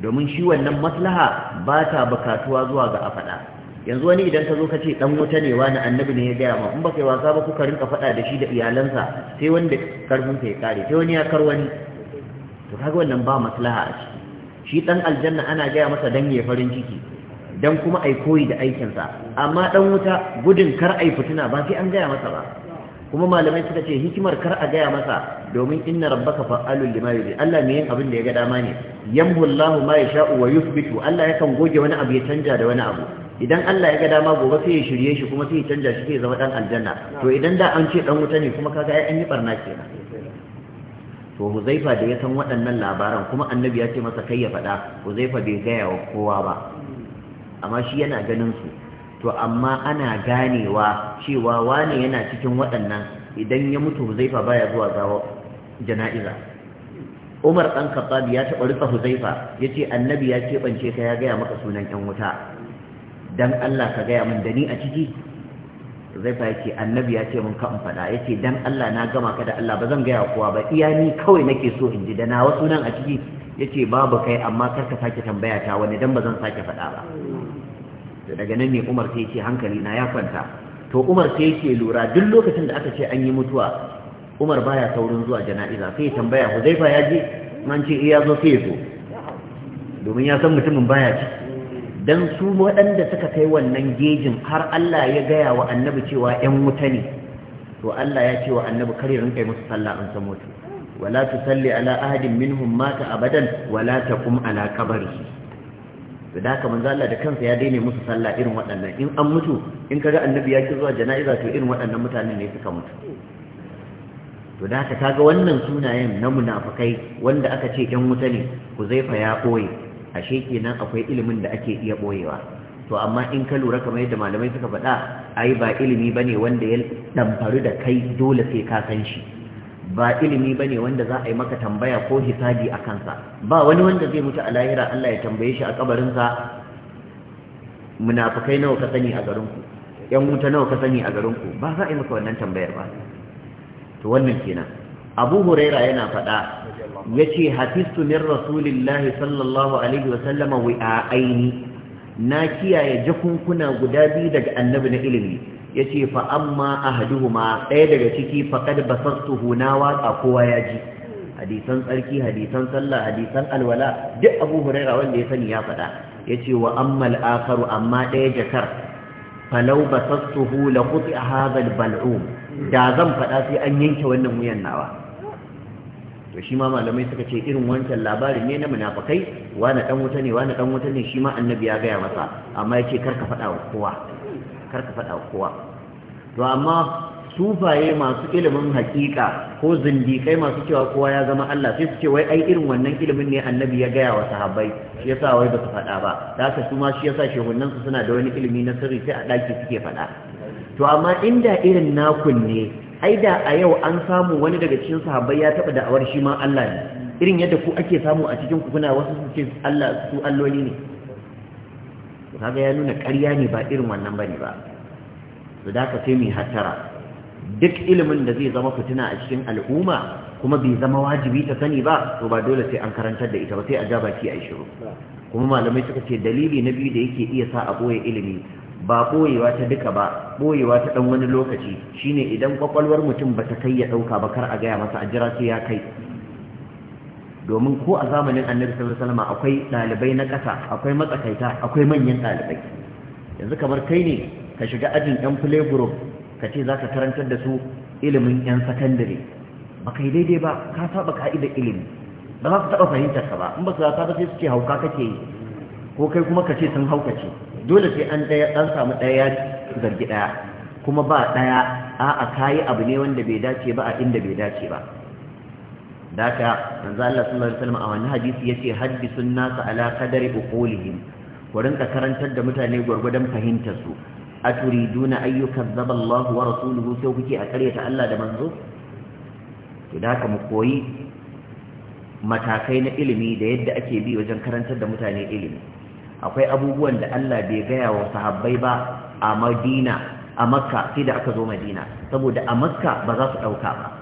domin shi wannan maslaha ba ta bukatuwa zuwa ga a faɗa yanzu wani idan ka zo ka ce dan wuta ne wani annabi ne ya gaya ma in baka kai wasa ba kuka rinka faɗa da shi da iyalansa sai wanda karfin ya kare sai wani ya kar wani to kaga wannan ba maslaha a ciki shi ɗan aljanna ana gaya masa dan ya farin ciki dan kuma ai koyi da aikinsa amma dan wuta gudun kar ai fitina ba sai an gaya masa ba kuma malamai suka ce hikimar kar a gaya masa domin inna rabbaka fa'alul lima yuri Allah ne yin abin da ya ga dama ne yamhu Allahu ma yasha'u wa yuthbitu Allah yakan goge wani abu ya canja da wani abu idan Allah ya ga dama gobe sai ya shirye shi kuma sai ya canja shi sai ya zama dan aljanna to idan da an ce dan wuta ne kuma kaga ai an yi barna kenan to Huzaifa da ya san waɗannan labaran kuma annabi ya ce masa kai ya faɗa Huzaifa bai gaya wa kowa ba amma shi yana ganin su to amma ana ganewa cewa wane yana cikin waɗannan idan ya mutu huzaifa baya zuwa gawa jana'iza umar ɗan khattab ya taɓa rufe huzaifa ya ce annabi ya keɓance ka ya gaya maka sunan 'yan wuta dan allah ka gaya min da ni a ciki huzaifa ya ce annabi ya ce min ka in faɗa ya ce dan allah na gama ka da allah ba zan gaya kowa ba iya ni kawai nake so in ji da nawa sunan a ciki ya ce babu kai amma kar ka sake tambaya ta wani dan ba zan sake faɗa ba to daga nan ne Umar sai ce hankali na ya kwanta to Umar sai ce lura duk lokacin da aka ce an yi mutuwa Umar baya saurin zuwa jana'iza sai ya tambaya Huzaifa ya je an ce iya eh, zo sai ya zo domin ya san mutumin baya ci dan su waɗanda suka kai wannan gejin har Allah ya gaya wa annabi cewa ƴan wuta ne to Allah ya ce wa annabi kare rinka musu sallah an san mutu wala tusalli ala ahadin minhum mata abadan wala taqum ala qabrihi da da kamar Allah da kansa ya daina musu sallah irin waɗannan in an mutu in kaga annabi ya ki zuwa jana'iza to irin waɗannan mutanen ne suka mutu to da haka kaga wannan sunayen na munafikai wanda aka ce ɗan wuta ne ku zai fa ya boye ashe kenan akwai ilimin da ake iya boyewa to amma in ka lura kamar yadda malamai suka faɗa ai ba ilimi bane wanda ya damfaru da kai dole sai ka san shi ba ilimi bane wanda za a yi maka tambaya ko hisabi a kansa ba wani wanda zai mutu a lahira Allah ya tambaye shi a kabarinsa munafukai nawa ka sani a garinku yan wuta nawa ka sani a garinku ba za a yi maka wannan tambayar ba to wannan kenan abu huraira yana faɗa ya ce hafistu min rasulillahi sallallahu alaihi wasallama wi'a'aini na kiyaye jakunkuna guda biyu daga annabi na ilimi ya ce fa amma ahaduhuma ɗaya daga ciki faƙad basastuhu na watsa kowa ya ji hadisan tsarki hadisan sallah hadisan alwala duk abu huraira wanda ya sani ya faɗa ya ce wa ammal akaru amma ɗaya jakar falau basastuhu la kuti a hazal bal'u da zan faɗa sai an yanke wannan wuyan nawa to shi ma malamai suka ce irin wancan labarin ne na munafakai wani dan wuta ne wani dan wuta ne shi ma annabi ya gaya masa amma ya ce kar ka faɗa wa kowa kar ka faɗa kowa to amma sufaye masu ilimin hakika ko zindikai masu cewa kowa ya zama Allah sai su ce wai ai irin wannan ilimin ne annabi ya gaya wa sahabbai shi yasa wai ba su faɗa ba da haka su shi yasa shehunan su suna da wani ilimi na sirri sai a ɗaki suke faɗa to amma inda irin nakun ne ai da a yau an samu wani daga cikin sahabbai ya taɓa da'awar shi ma Allah ne irin yadda ku ake samu a cikin ku kuna wasu su ce Allah su alloli ne kaga ya nuna ƙarya ne ba irin wannan bane ba su da ka sai mai hattara duk ilimin da zai zama fitina a cikin al'umma kuma bai zama wajibi ta sani ba to ba dole sai an karantar da ita ba sai a jaba baki a yi shiru kuma malamai suka ce dalili na biyu da yake iya sa a ɓoye ilimi ba ɓoyewa ta duka ba ɓoyewa ta ɗan wani lokaci shine idan kwakwalwar mutum ba ta kai ya ɗauka ba kar a gaya masa a jira sai ya kai domin ko a zamanin annabi sallallahu alaihi wasallam akwai dalibai na ƙasa akwai matsakaita akwai manyan dalibai yanzu kamar kai ne ka shiga ajin yan play group ka ce za ka karantar da su ilimin yan sakandare ba kai daidai ba ka saba ka'ida ilimi ba za su taɓa fahimtar ka ba in ba su zata ba sai su ce hauka kake yi ko kai kuma ka ce sun haukace dole sai an ɗaya an samu ɗaya zargi ɗaya kuma ba ɗaya a'a kayi abu ne wanda bai dace ba a inda bai dace ba da haka manzo Allah sallallahu alaihi wasallam a wani hadisi yace sun nasu ala qadari uqulihim ku rinka karantar da mutane gwargwadon fahimtar su aturiduna ayyukan zaban Allah wa rasuluhu sai kuke a karyata Allah da manzo to da mu koyi matakai na ilimi da yadda ake bi wajen karantar da mutane ilimi akwai abubuwan da Allah bai gaya wa sahabbai ba a Madina a Makka sai da aka zo Madina saboda a Makka ba za su dauka ba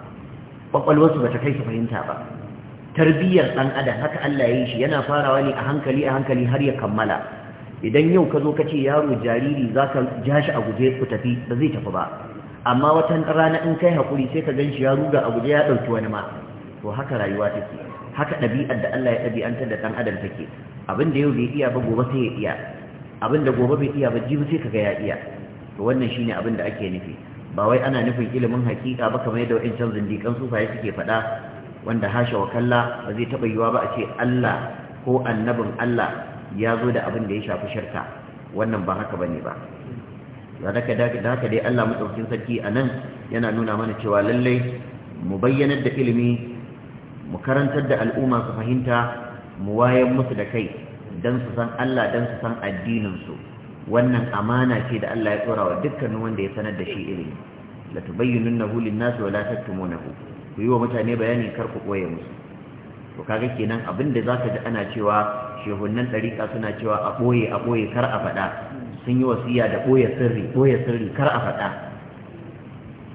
kwakwalwarsu ba ta kai su fahimta ba tarbiyyar ɗan adam haka Allah ya yi shi yana farawa ne a hankali a hankali har ya kammala idan yau ka zo ka ce yaro jariri za ka ja shi a guje ku tafi ba zai tafi ba amma wata rana in kai haƙuri sai ka gan shi ya ruga a guje ya ɗauki wani ma to haka rayuwa take haka ɗabi'ar da Allah ya ɗabi'antar da ɗan adam take abin da yau bai iya ba gobe sai ya iya abin da gobe bai iya ba jibi sai ka ga ya iya to wannan shine abin da ake nufi ba wai ana nufin ilimin hakika ba kamar yadda wa'incan zindikan sufaye suke faɗa wanda hasha wa kalla ba zai taɓa yiwa ba a ce Allah ko annabin Allah ya zo da abin da ya shafi shirka wannan ba haka bane ba da haka dai Allah matsaukin sarki a nan yana nuna mana cewa lallai mu bayyanar da ilimi mu karantar da al'umma su fahimta mu wayan musu da kai don su san Allah don su san addininsu wannan amana ce da Allah ya tsorawa wa dukkanin wanda ya sanar da shi ilimi la tubayyinunahu lin-nasi wa la taktumunahu ku yi wa mutane bayani kar ku koye musu to kaga kenan abin da zaka ji ana cewa shehunnan dariqa suna cewa a boye a boye kar a faɗa sun yi wasiya da boye sirri boye sirri kar a faɗa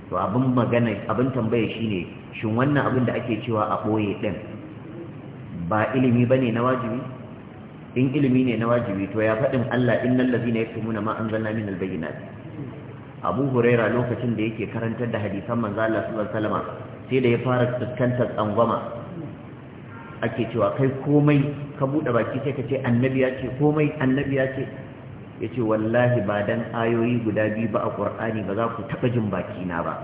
to abin magana abin tambaya shine shin wannan abin da ake cewa a boye din ba ilimi bane na wajibi in ilimi ne na wajibi to ya faɗin Allah innal ladina yaktumuna ma anzalna minal bayyinati Abu Huraira lokacin da yake karantar da hadisan manzo Allah sallallahu alaihi wasallama sai da ya fara tsantsar tsangwama ake cewa kai komai ka bude baki sai ka ce annabi ya ce komai annabi ya ce yace wallahi ba dan ayoyi guda biyu ba a Qur'ani ba za ku taba jin baki na ba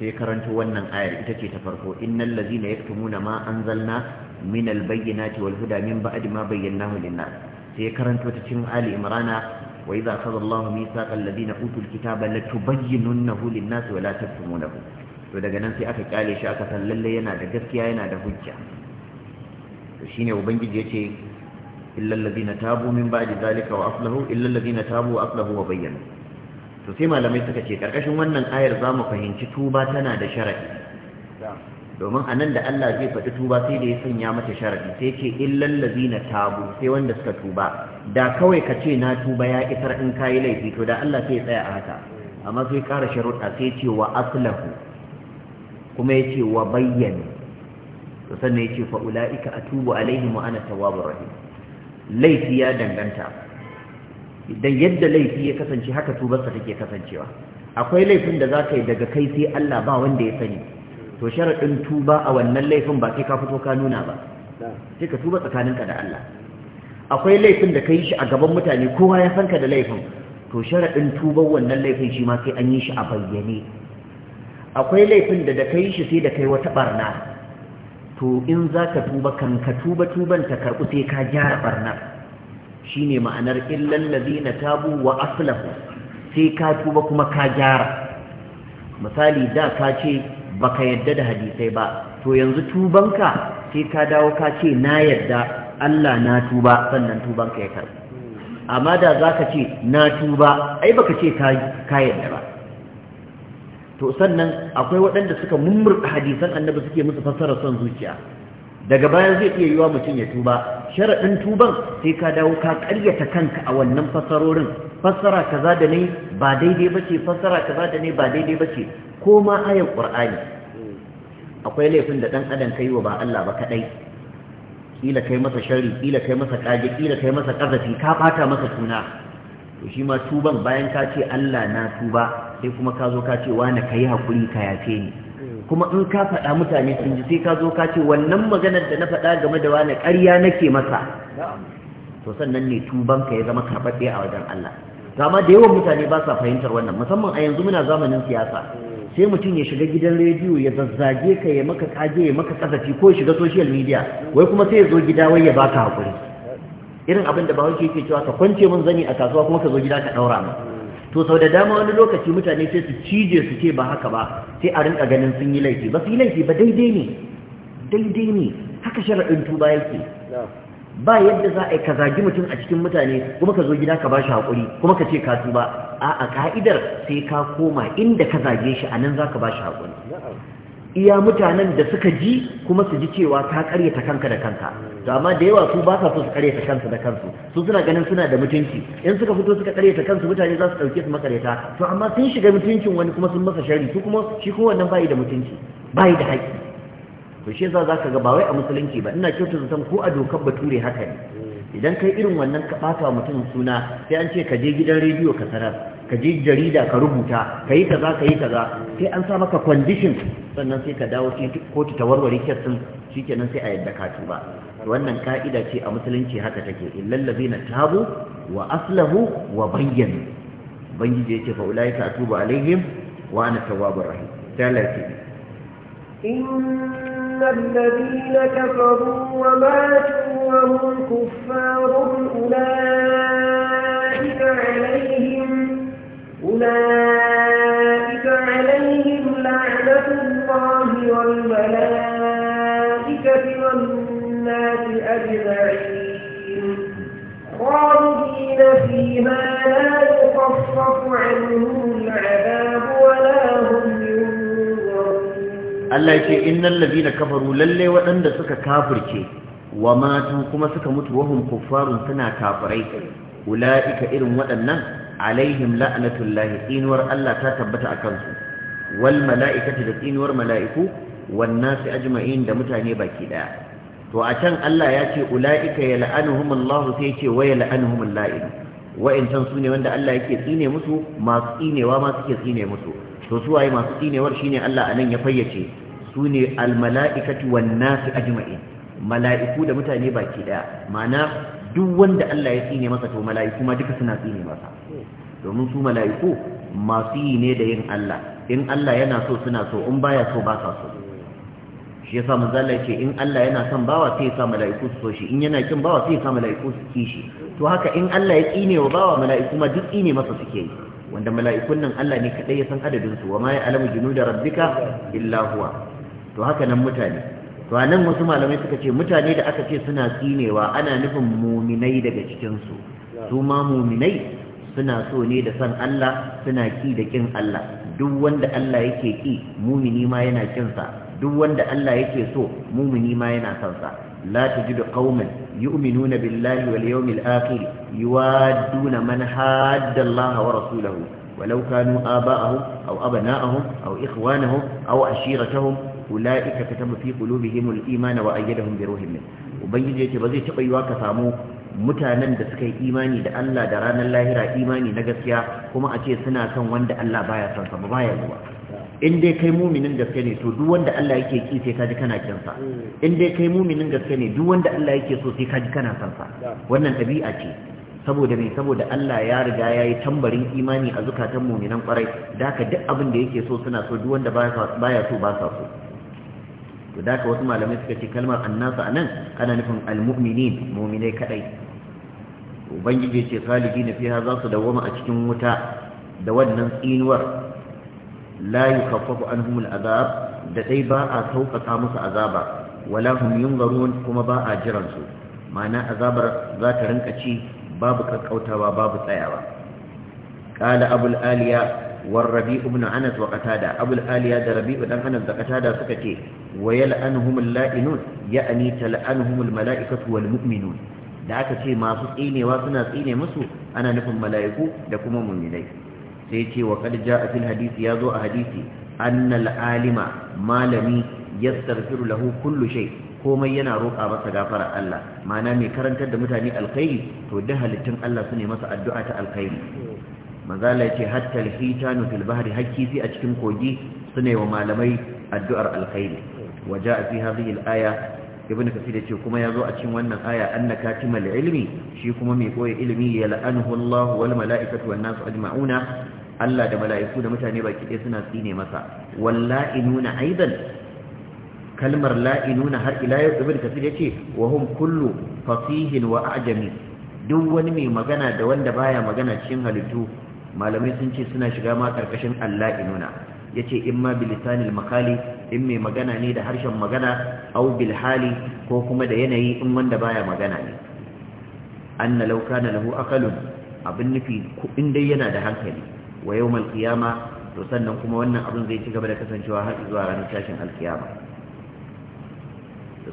sai karanto wannan ayar ita ce ta farko innal ladzina yaktumuna ma anzalna min albayyinati wal huda min ba'di ma bayyanahu lin-nas sai karanto ta cikin ali imrana wa idza akhadha Allahu mithaqal ladzina utul kitaba latubayyinunnahu lin-nas wa la taktumunahu to daga nan sai aka kyale shi aka san lalle yana da gaskiya yana da hujja to shine ubangiji yace illal ladzina tabu min ba'di zalika wa aflahu illal ladzina tabu wa aflahu wa bayyana to sai malamai suka ce karkashin wannan ayar za mu fahimci tuba tana da sharaɗi domin a nan da Allah zai faɗi tuba sai da ya sanya mata sharaɗi sai ce illal na tabu sai wanda suka tuba da kawai ka ce na tuba ya isar in kayi laifi to da Allah sai ya tsaya a haka amma sai ƙara sharuɗa sai ce wa aslahu kuma ya ce wa bayyana to sannan ya ce fa ula'ika atubu alaihim wa ana tawwabur rahim laifi ya danganta idan yadda laifi ya kasance haka tubarsa take kasancewa akwai laifin da za yi daga kai sai Allah ba wanda ya sani to sharadin tuba a wannan laifin ba sai ka fito ka nuna ba sai ka tuba tsakaninka da Allah akwai laifin da ka yi shi a gaban mutane kowa ya san ka da laifin to sharadin tuban wannan laifin shi ma sai an yi shi a bayyane akwai laifin da da ka shi sai da kai wata barna to in za tuba kan ka tuba tuban ta karbu sai ka gyara barnar Shi ne ma'anar illal na tabu wa aslahu sai ka tuba kuma ka gyara misali da ka ce baka yadda da hadisai ba to yanzu tubanka sai ka dawo ka ce na yadda Allah na tuba sannan tubanka ya karbi amma da za ka ce na tuba ai baka ce ka yadda ba to sannan akwai waɗanda suka mummurta hadisan annabi suke musu fassara son zuciya daga bayan zai iya yiwa mutum ya tuba sharaɗin tuban sai ka dawo ka ƙaryata kanka a wannan fassarorin fassara za da ne ba daidai ba ce fassara za da ne ba daidai ba ce ko ma ayar ƙur'ani akwai laifin da ɗan adam kai wa ba Allah ba kaɗai ƙila kai masa shari ƙila kai masa ƙage ƙila kai masa ƙazafi ka ɓata masa suna to shi ma tuban bayan ka ce Allah na tuba sai kuma ka zo ka ce na ka yi haƙuri ka yafe ni kuma in ka faɗa mutane sun ji sai ka zo ka ce wannan maganar da na faɗa game da wani ƙarya nake masa to sannan ne tuban ka ya zama karɓaɓɓe a wajen Allah amma da yawan mutane ba sa fahimtar wannan musamman a yanzu muna zamanin siyasa sai mutum ya shiga gidan rediyo ya zazzage ka ya maka kaje ya maka kasafi ko ya shiga social media wai kuma sai ya zo gida wai ya baka hakuri irin abin da ba hauke yake cewa ka kwance mun zani a kasuwa kuma ka zo gida ka daura mu to sau da dama wani lokaci mutane sai su cije su ce ba haka ba sai a rinka ganin sun yi laifi ba su yi laifi ba daidai ne daidai ne haka sharaɗin tuba yake ba yadda za a yi ka zagi mutum a cikin mutane kuma ka zo gida ka bashi haƙuri kuma ka ce ka tuba a a ka'idar sai ka koma inda ka zage shi anan nan za ka bashi haƙuri iya mutanen da suka ji kuma su ji cewa ka karyata kanka da kanka to amma da yawa su ba sa so su karyata kansu da kansu su suna ganin suna da mutunci in suka fito suka karyata kansu mutane za su dauke su makareta to amma sun shiga mutuncin wani kuma sun masa shari su kuma shi kuma wannan bai da mutunci bai da haƙƙi to shi yasa zaka ga ba wai a musulunci ba ina kyautu san ko a dokar bature haka ne idan kai irin wannan ka bata wa mutum suna sai an ce ka je gidan rediyo ka sanar ka je jarida ka rubuta ka yi kaza ka yi kaza sai an sa maka condition sannan sai ka dawo kotu ta warware kesin shikenan sai a yadda ka tuba wannan ka'ida ce a musulunci haka take illal ladina tabu wa aslahu wa bayyanu ubangiji yace fa ulaika atubu alaihim wa ana tawwabur rahim talati innal ladina kafaru wa matu wa hum kuffarun ulaika alaihim ulaika alaihim la'natullah wal malaikatu الجنات أجمعين خالدين فيها لا يخفف عنهم العذاب ولا هم الله يقول إن الذين كفروا للي وأن سك كافر شيء وماتوا كما سك مت وهم كفار سنا كافرين أولئك إرم وأنهم عليهم لعنة الله إنور ألا تثبت أكنسوا والملائكة تدين والملائكة والناس أجمعين دمتاني باكي to a can Allah ya ce ula'ika ya la'anuhum Allah sai ce wa ya la'anuhum la'in wa'incan su ne wanda Allah yake tsine musu masu tsinewa ma suke tsine musu to su waye masu tsinewar shine Allah anan ya fayyace su ne almala'ikatu wan nasu ajma'in mala'iku da mutane baki daya ma'ana duk wanda Allah ya tsine masa to mala'iku ma duka suna tsine masa domin su mala'iku masu yi ne da yin Allah in Allah yana so suna so in baya so ba sa so shi yasa manzo ce in Allah yana son bawa sai ya sa mala'iku su so shi in yana kin bawa sai ya sa mala'iku su ki shi to haka in Allah ya kine wa bawa mala'iku ma duk kine masa suke yi wanda mala'ikun nan Allah ne kadai ya san adadin su wa ma ya'lamu junuda rabbika illa huwa to haka nan mutane to anan wasu malamai suka ce mutane da aka ce suna kinewa ana nufin muminai daga cikin su su ma muminai suna so ne da san Allah suna ki da kin Allah duk wanda Allah yake ki mumini ma yana kinsa duk wanda Allah yake so mumini ma yana son sa la tajidu qauman yu'minuna billahi wal yawmil akhir yuwadduna man hadda Allah wa rasulahu walau kanu aba'ahum aw abna'ahum aw ikhwanahum aw ashiratahum ulaika katabu fi qulubihim al iman wa ayyadahum bi ruhin min ubangiji yake ba zai taba yiwa ka samu mutanen da suka yi imani da Allah da ranar lahira imani na gaskiya kuma a ce suna kan wanda Allah baya son ba baya ruwa in dai kai muminin gaske ne to duk wanda Allah yake ki sai kaji kana kin sa hmm. in dai kai muminin gaske ne duk wanda Allah yake so sai kaji kana san sa wannan ɗabi'a ce saboda me saboda Allah ya riga ya yi tambarin imani a zukatan muminan kwarai daka duk abin da yake so suna so duk wanda baya so ba sa so to da wasu malamai suka ce kalmar annasa anan ana nufin almu'minin muminai kadai ubangiji ya ce salihin fiha za su dawoma a cikin wuta da wannan tsinuwar la an anhum al'azab da dai ba a saukaka musu azaba wala hum yunzarun kuma ba a jiran su ma'ana azabar za ta rinka ci babu kakkautawa babu tsayawa qala abul aliya da بن أنس anas أبو الآلية suka ربيع بن أنس وقتادة la'inun ويلأنهم اللائنون يعني تلأنهم الملائكة والمؤمنون da aka ce masu tsinewa suna tsine musu ana nufin mala'iku da kuma muminai sai ce wa qad jaa fil hadisi zo a hadisi anna alima malami yastaghfiru lahu kullu shai komai yana roƙa masa gafara Allah ma'ana mai karantar da mutane alkhairi to da halittun Allah su ne masa addu'a ta alkhairi manzala yace hatta al hitanu fil bahri hakki a cikin kogi su ne wa malamai addu'ar alkhairi wa jaa fi hadhihi al aya ibn kasir ce kuma yazo a cikin wannan aya anna katimal ilmi shi kuma mai koyi ilmi ya la'anhu Allah wal mala'ikatu wan nasu ajma'una Allah da mala'iku da mutane baki ɗaya suna tsine masa walla'inuna aidan kalmar la'inuna har ila yau ibn kasir ce wa kullu fasihin wa ajami duk wani mai magana da wanda baya magana cikin halittu malamai sun ce suna shiga ma karkashin alla'inuna yace in ma lisanil makali in mai magana ne da harshen magana au bil hali ko kuma da yanayi in wanda baya magana ne anna law na lahu aqalun abin nufi kuɗin dai yana da hankali wa yau malkiyama? to sannan kuma wannan abin zai ci gaba da kasancewa har zuwa ranar tashin alkiyama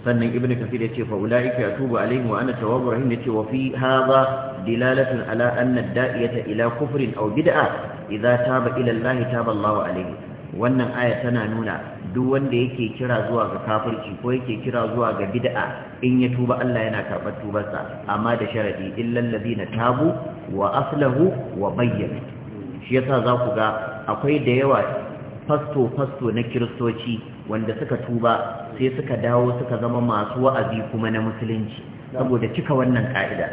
sannan ibnu kafir ce fa ulaika yatubu alaihim wa ana tawwabur rahim yace wa fi hadha dilalatun ala anna ad-da'iyata ila kufrin aw bid'a idza taba ila Allah taba Allah alaihi wannan aya tana nuna duk wanda yake kira zuwa ga kafirci ko yake kira zuwa ga bid'a in ya tuba Allah yana karɓar tubarsa amma da sharadi illal ladina tabu wa aslahu wa bayyana shi yasa za ku ga akwai da yawa fasto-fasto na kiristoci wanda suka tuba sai suka dawo suka zama masu wa'azi kuma na musulunci saboda cika wannan ka'ida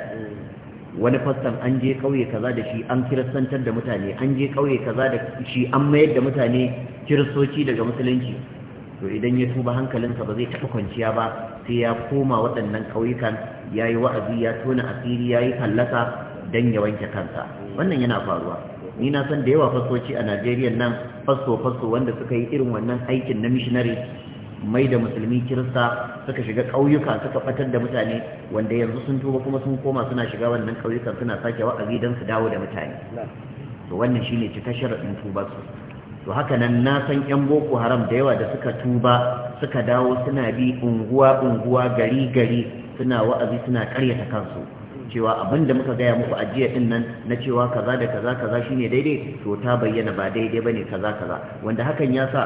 wani fastan an je kauye kaza da shi an kiristantar da mutane an je kauye kaza da shi an mayar da mutane kiristoci daga musulunci to idan ya tuba hankalinsa ba zai taɓa kwanciya ba sai ya koma waɗannan ƙauyukan ya yi wa'azi ya tona asiri ya yi fallasa don ya wanke kansa wannan yana faruwa ni na san da yawa fasoci a Najeriya nan faso faso wanda suka yi irin wannan aikin na missionary mai da musulmi kirista suka shiga ƙauyuka suka batar da mutane wanda yanzu sun tuba kuma sun koma suna shiga wannan ƙauyukan suna sake wa'azi don su dawo da mutane to wannan shine cika sharaɗin tuba to haka nan na san yan boko haram da yawa da suka tuba suka dawo suna bi unguwa unguwa gari gari suna wa'azi suna ƙaryata kansu cewa abin da muka gaya muku ajiya din nan na cewa kaza da kaza kaza shine daidai to ta bayyana ba daidai bane kaza kaza wanda hakan ya sa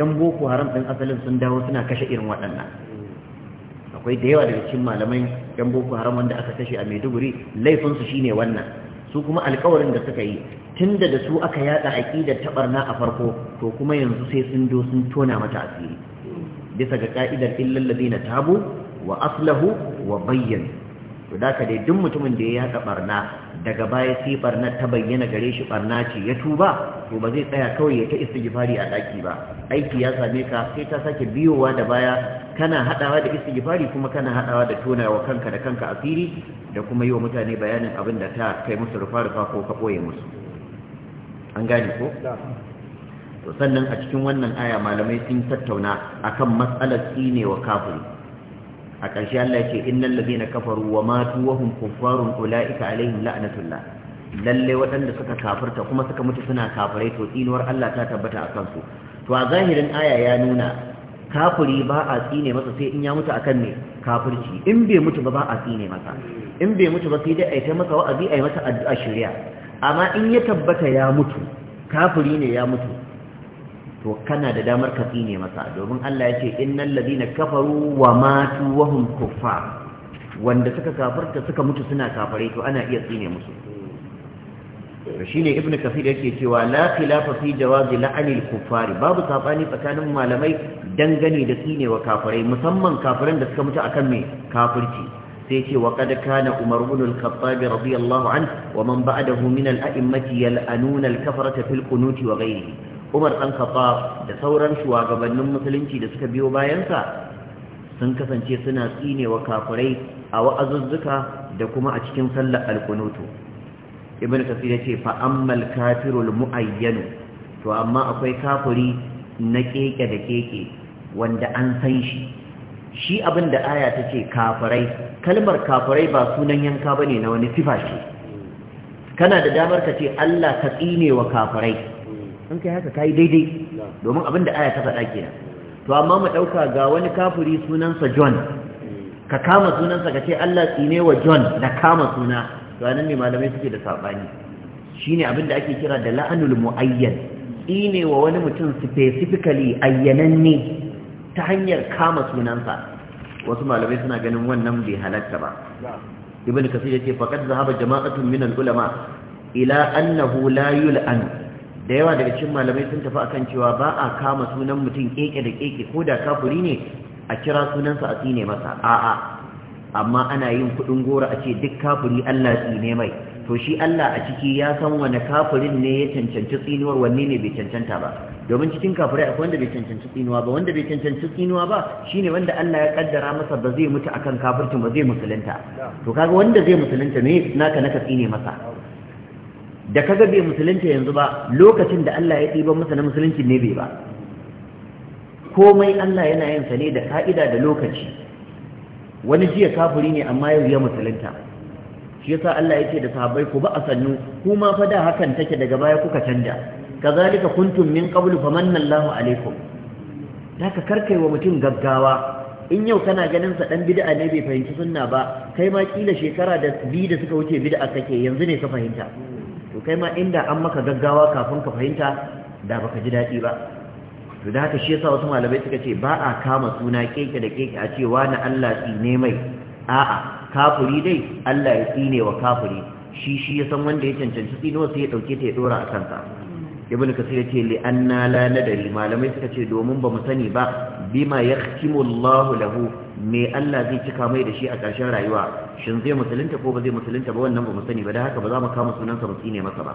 yan boko haram din asalin sun dawo suna kashe irin waɗannan akwai da yawa daga cikin malamai yan boko haram wanda aka kashe a Maiduguri laifin su shine wannan su kuma alƙawarin da suka yi tunda da su aka yada aqidar tabarna a farko to kuma yanzu sai sun do sun tona mata asiri bisa ga ka'idar illal ladina tabu wa aslahu wa bayyana to da dai duk mutumin da ya yaka barna daga baya sai barna ta bayyana gare shi barna ce ya tuba to ba zai tsaya kawai ya ta istighfari a daki ba aiki ya same ka sai ta sake biyowa da baya kana hadawa da istighfari kuma kana hadawa da tonawa kanka da kanka asiri da kuma yi wa mutane bayanin abin da ta kai musu rufa rufa ko ka boye musu an gane ko to sannan a cikin wannan aya malamai sun tattauna akan matsalar tsinewa kafiri a ƙarshe Allah ya ce innal ladina kafaru wa matu wa hum kuffarun ulaika alaihim la'natullah lalle waɗanda suka kafirta kuma suka mutu suna kafirai to tsinuwar Allah ta tabbata a kansu to a zahirin aya ya nuna kafiri ba a tsine masa sai in ya mutu akan ne kafirci in bai mutu ba ba a tsine masa in bai mutu ba sai dai a yi masa wa'azi a yi masa addu'a shari'a amma in ya tabbata ya mutu kafiri ne ya mutu to kana da damar ka tsine masa domin Allah ya ce innal ladina kafaru wa matu wa hum kuffar wanda suka suka mutu suna kafare to ana iya tsine musu to shine ibn kafir yake cewa la khilafa fi la'ani la'anil kuffari babu sabani tsakanin malamai dangane da tsine wa musamman kafiran da suka mutu akan me kafirci sai ce wa qad kana umar ibn al-khattab radiyallahu anhu wa man ba'dahu min al-a'immati yal'anuna al-kafarata fil wa ghayrihi umar ɗan khattab da sauran shugabannin musulunci da suka biyo bayansa sun kasance suna tsinewa kafirai a wa'azuzzuka da kuma a cikin sallar alkunutu ibn kasir ya ce fa ammal kafirul muayyanu to amma akwai kafiri na keke da keke wanda an san shi shi abin da aya ta ce kafirai kalmar kafirai ba sunan yanka bane na wani sifa ce kana da damar ka ce Allah ka tsinewa wa kafirai an kai haka yi daidai domin abin da aya ta faɗa kenan to amma mu ɗauka ga wani kafuri sunansa John hmm. ka kama sunansa ka ce Allah tsine wa John da kama suna to anan ne malamai suke da saɓani shine abin da ake kira da la'anul muayyan tsine wa wani mutum specifically ayyananne ta hanyar kama sunansa wasu malamai suna ganin wannan bai halatta ba ibn kasir yace faqad zahaba jama'atun min al-ulama ila annahu la yul'anu da yawa daga cikin malamai sun tafi akan cewa ba a kama sunan mutum keke da keke ko da kafuri ne a kira sunansa a tsine masa a'a amma ana yin kudin gora a ce duk kafuri Allah tsine mai to shi Allah a ciki ya san wani kafurin ne ya cancanci tsinuwar wanne ne bai cancanta ba domin cikin kafurai akwai wanda bai cancanci tsinuwa ba wanda bai cancanci tsinuwa ba shine wanda Allah ya kaddara masa ba zai mutu akan kafircin ba zai musulunta to kaga wanda zai musulunta ne naka naka tsine masa da kaga bai musulunta yanzu ba lokacin da Allah ya ɗiba masa na musulunci ne bai ba komai Allah yana yin sa ne da ka'ida da lokaci wani jiya kafuri ne amma yau ya musulunta shi yasa Allah yake da sahabbai ku ba a sannu ku ma fa da hakan take daga baya kuka canja kazalika kuntum min qablu famanna Allahu alaikum haka ka wa mutum gaggawa in yau kana ganin sa dan bid'a ne bai fahimci sunna ba kai ma kila shekara da bi da suka wuce bid'a kake yanzu ne ka fahimta kai ma inda an maka gaggawa kafin ka fahimta da baka ji daɗi ba to da haka shi yasa wasu malamai suka ce ba a kama suna keke da keke a cewa na Allah tsine mai a'a kafuri dai Allah ya tsine wa kafuri shi shi ya san wanda ya cancanci tsinuwa sai ya dauke ta ya ɗora a kansa ibn kasir yace li anna la nadari malamai suka ce domin bamu sani ba bima yakhtimu Allahu lahu me Allah zai cika mai da shi a karshen rayuwa shin zai musulunta ko ba zai musulunta ba wannan bamu sani ba da haka ba za mu kama sunan sa mutsi ne masa ba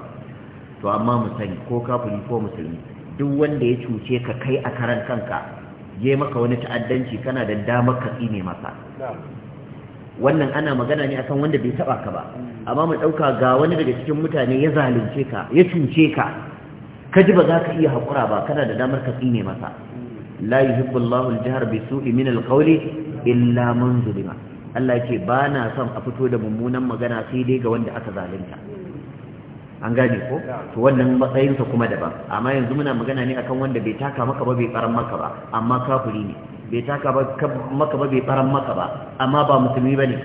to amma mu sani ko kafiri ko musulmi duk wanda ya cuce ka kai a karan kanka yayi maka wani ta'addanci kana da damar ka tsine masa wannan ana magana ne akan wanda bai taba ka ba amma mu dauka ga wani daga cikin mutane ya zalunce ka ya cuce ka Kaji ba za ka iya haƙura ba kana da damar ka tsine masa la yuhibbu Allahu jihar bai bi su'i min al illa man zulima Allah ce ba na son a fito da mummunan magana sai dai ga wanda aka zalunta an gane ko to wannan matsayinsa kuma daban amma yanzu muna magana ne akan wanda bai taka maka ba bai faran maka ba amma kafiri ne bai taka maka ba bai faran maka ba amma ba musulmi ba ne.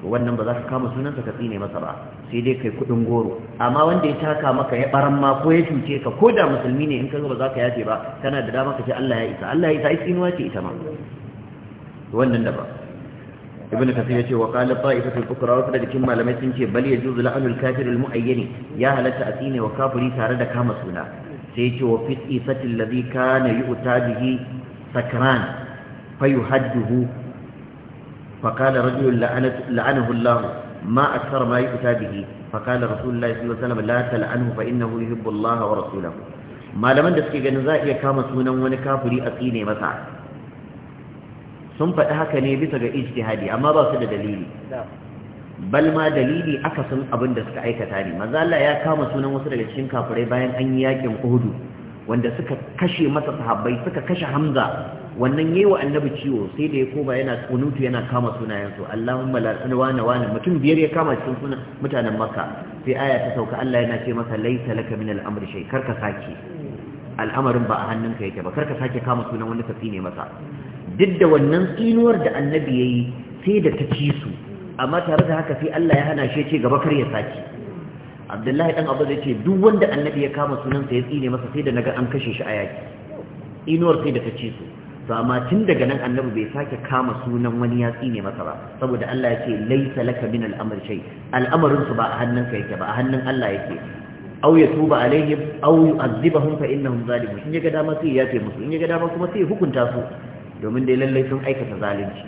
to wannan ba za ka kama sunansa ka tsine masa ba sai dai kai kudin goro amma wanda ya taka maka ya baran ma ko ya cuce ka ko da musulmi ne in ka ba za ka yafe ba tana da dama ka ce Allah ya isa Allah ya isa ai tsinuwa ce ita ma wannan da ba ibn kasir ya ce wa qala ta'ifatul fuqara wasu daga cikin malamai sun ce bal yajuzu la'anul kafir al mu'ayyan ya halatta asine wa kafiri tare da kama suna sai ya ce wa fit'i fatil ladhi kana yu'ta bihi sakran fayuhadduhu فقال رجل لعنه الله ما أكثر ما يؤتى به فقال رسول fa'inna صلى الله عليه وسلم لا تلعنه فإنه يحب الله ورسوله ما لمن دسكي جنزاء يكام سونا ونكافري أقيني مسعى sun faɗi haka ne bisa ga ijtihadi amma ba su da dalili bal ma dalili akasin abin da suka aikata ne manzo Allah ya kama sunan wasu daga cikin kafirai bayan an yi yakin Uhud wanda suka kashe masa sahabbai suka kashe Hamza wannan yi wa annabi ciwo sai da ya koma yana kunutu yana kama sunayensu Allahumma la wana wana mutum biyar ya kama cikin sunan mutanen Makka sai aya ta sauka Allah yana ce masa laisa laka min al-amri shay karka sake al'amarin ba a hannunka yake ba karka sake kama sunan wani ka tsine masa duk da wannan tsinuwar da annabi yayi sai da ta ci su amma tare da haka sai Allah ya hana shi ya ce gaba kar ya sake Abdullahi dan Abu zai ce duk wanda annabi ya kama sunansa ya tsine masa sai da naga an kashe shi a yaki inuwar sai da ta ci su to amma tun daga nan annabi bai sake kama sunan wani ya tsine masa ba saboda Allah ya ce laisa laka min al'amr shay al'amarin su ba a hannunka yake ba a hannun Allah yake aw yatuba alaihim aw yu'adhibuhum fa innahum zalimun in yaga dama sai ya ce musu in yaga dama kuma sai hukunta su domin dai lallai sun aikata zalunci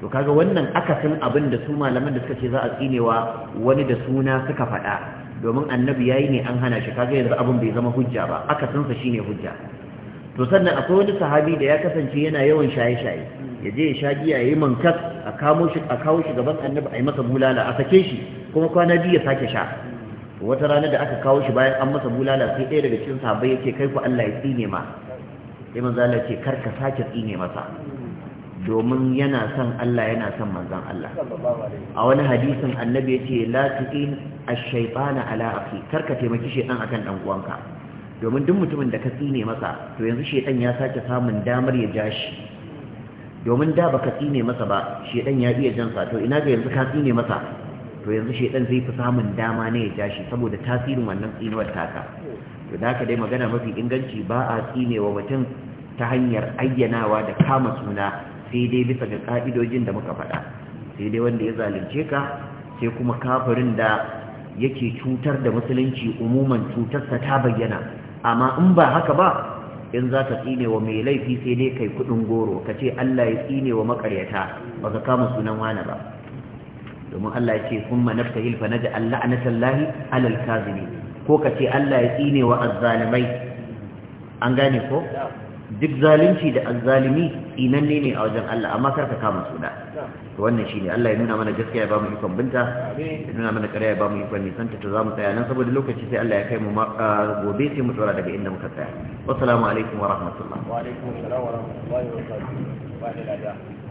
to kaga wannan akasin abin da su malaman da suka ce za a tsinewa wani da suna suka faɗa domin annabi yayi ne an hana shi kaga yanzu abin bai zama hujja ba akasin sa shine hujja to sannan akwai wani sahabi da ya kasance yana yawan shaye-shaye ya je ya sha giya ya yi mankas a kawo shi a kawo shi gaban annabi a yi masa bulala a sake shi kuma kwana biyu ya sake sha wata rana da aka kawo shi bayan an masa bulala sai ɗaya daga cikin sahabbai yake kai ku Allah ya tsine ma sai manzo Allah ce kar ka sake tsine masa domin yana son Allah yana son manzon Allah a wani hadisin annabi yace la tu'in ash-shaytana ala akhi kar ka taimaki shaytan akan dan uwanka domin duk mutumin da ka tsine masa to yanzu shedan ya sake samun damar ya ja shi domin da baka tsine masa ba shedan ya iya jansa to ina ga yanzu ka tsine masa to yanzu shedan zai fi samun dama ne ya ja shi saboda tasirin wannan tsinuwar taka to da haka dai magana mafi inganci ba a tsinewa mutum ta hanyar ayyanawa da kama suna sai dai bisa ga ka'idojin da muka faɗa sai dai wanda ya zalunce ka sai kuma kafirin da yake cutar da musulunci umuman cutarsa ta bayyana amma in ba haka ba in za ka tsine wa mai laifi sai dai kai kudin goro ka ce Allah ya tsine wa makaryata ba ka kama sunan wani ba domin Allah ya ce kun manafta hilfa na da Allah a nasallahi alal kazini ko ka ce Allah ya tsine wa azzalimai an gane ko duk zalunci da azzalimi inan ne ne a wajen Allah amma kar ka kama suna wannan shine Allah ya nuna mana gaskiya ya ba mu ikon binta ya nuna mana ƙarya ya ba mu ikon nisanta ta mu tsaya nan saboda lokaci sai Allah ya kai mu gobe sai mu tsora daga inda muka tsaya wassalamu alaikum wa rahmatullah wa alaikum assalam wa rahmatullahi wa barakatuh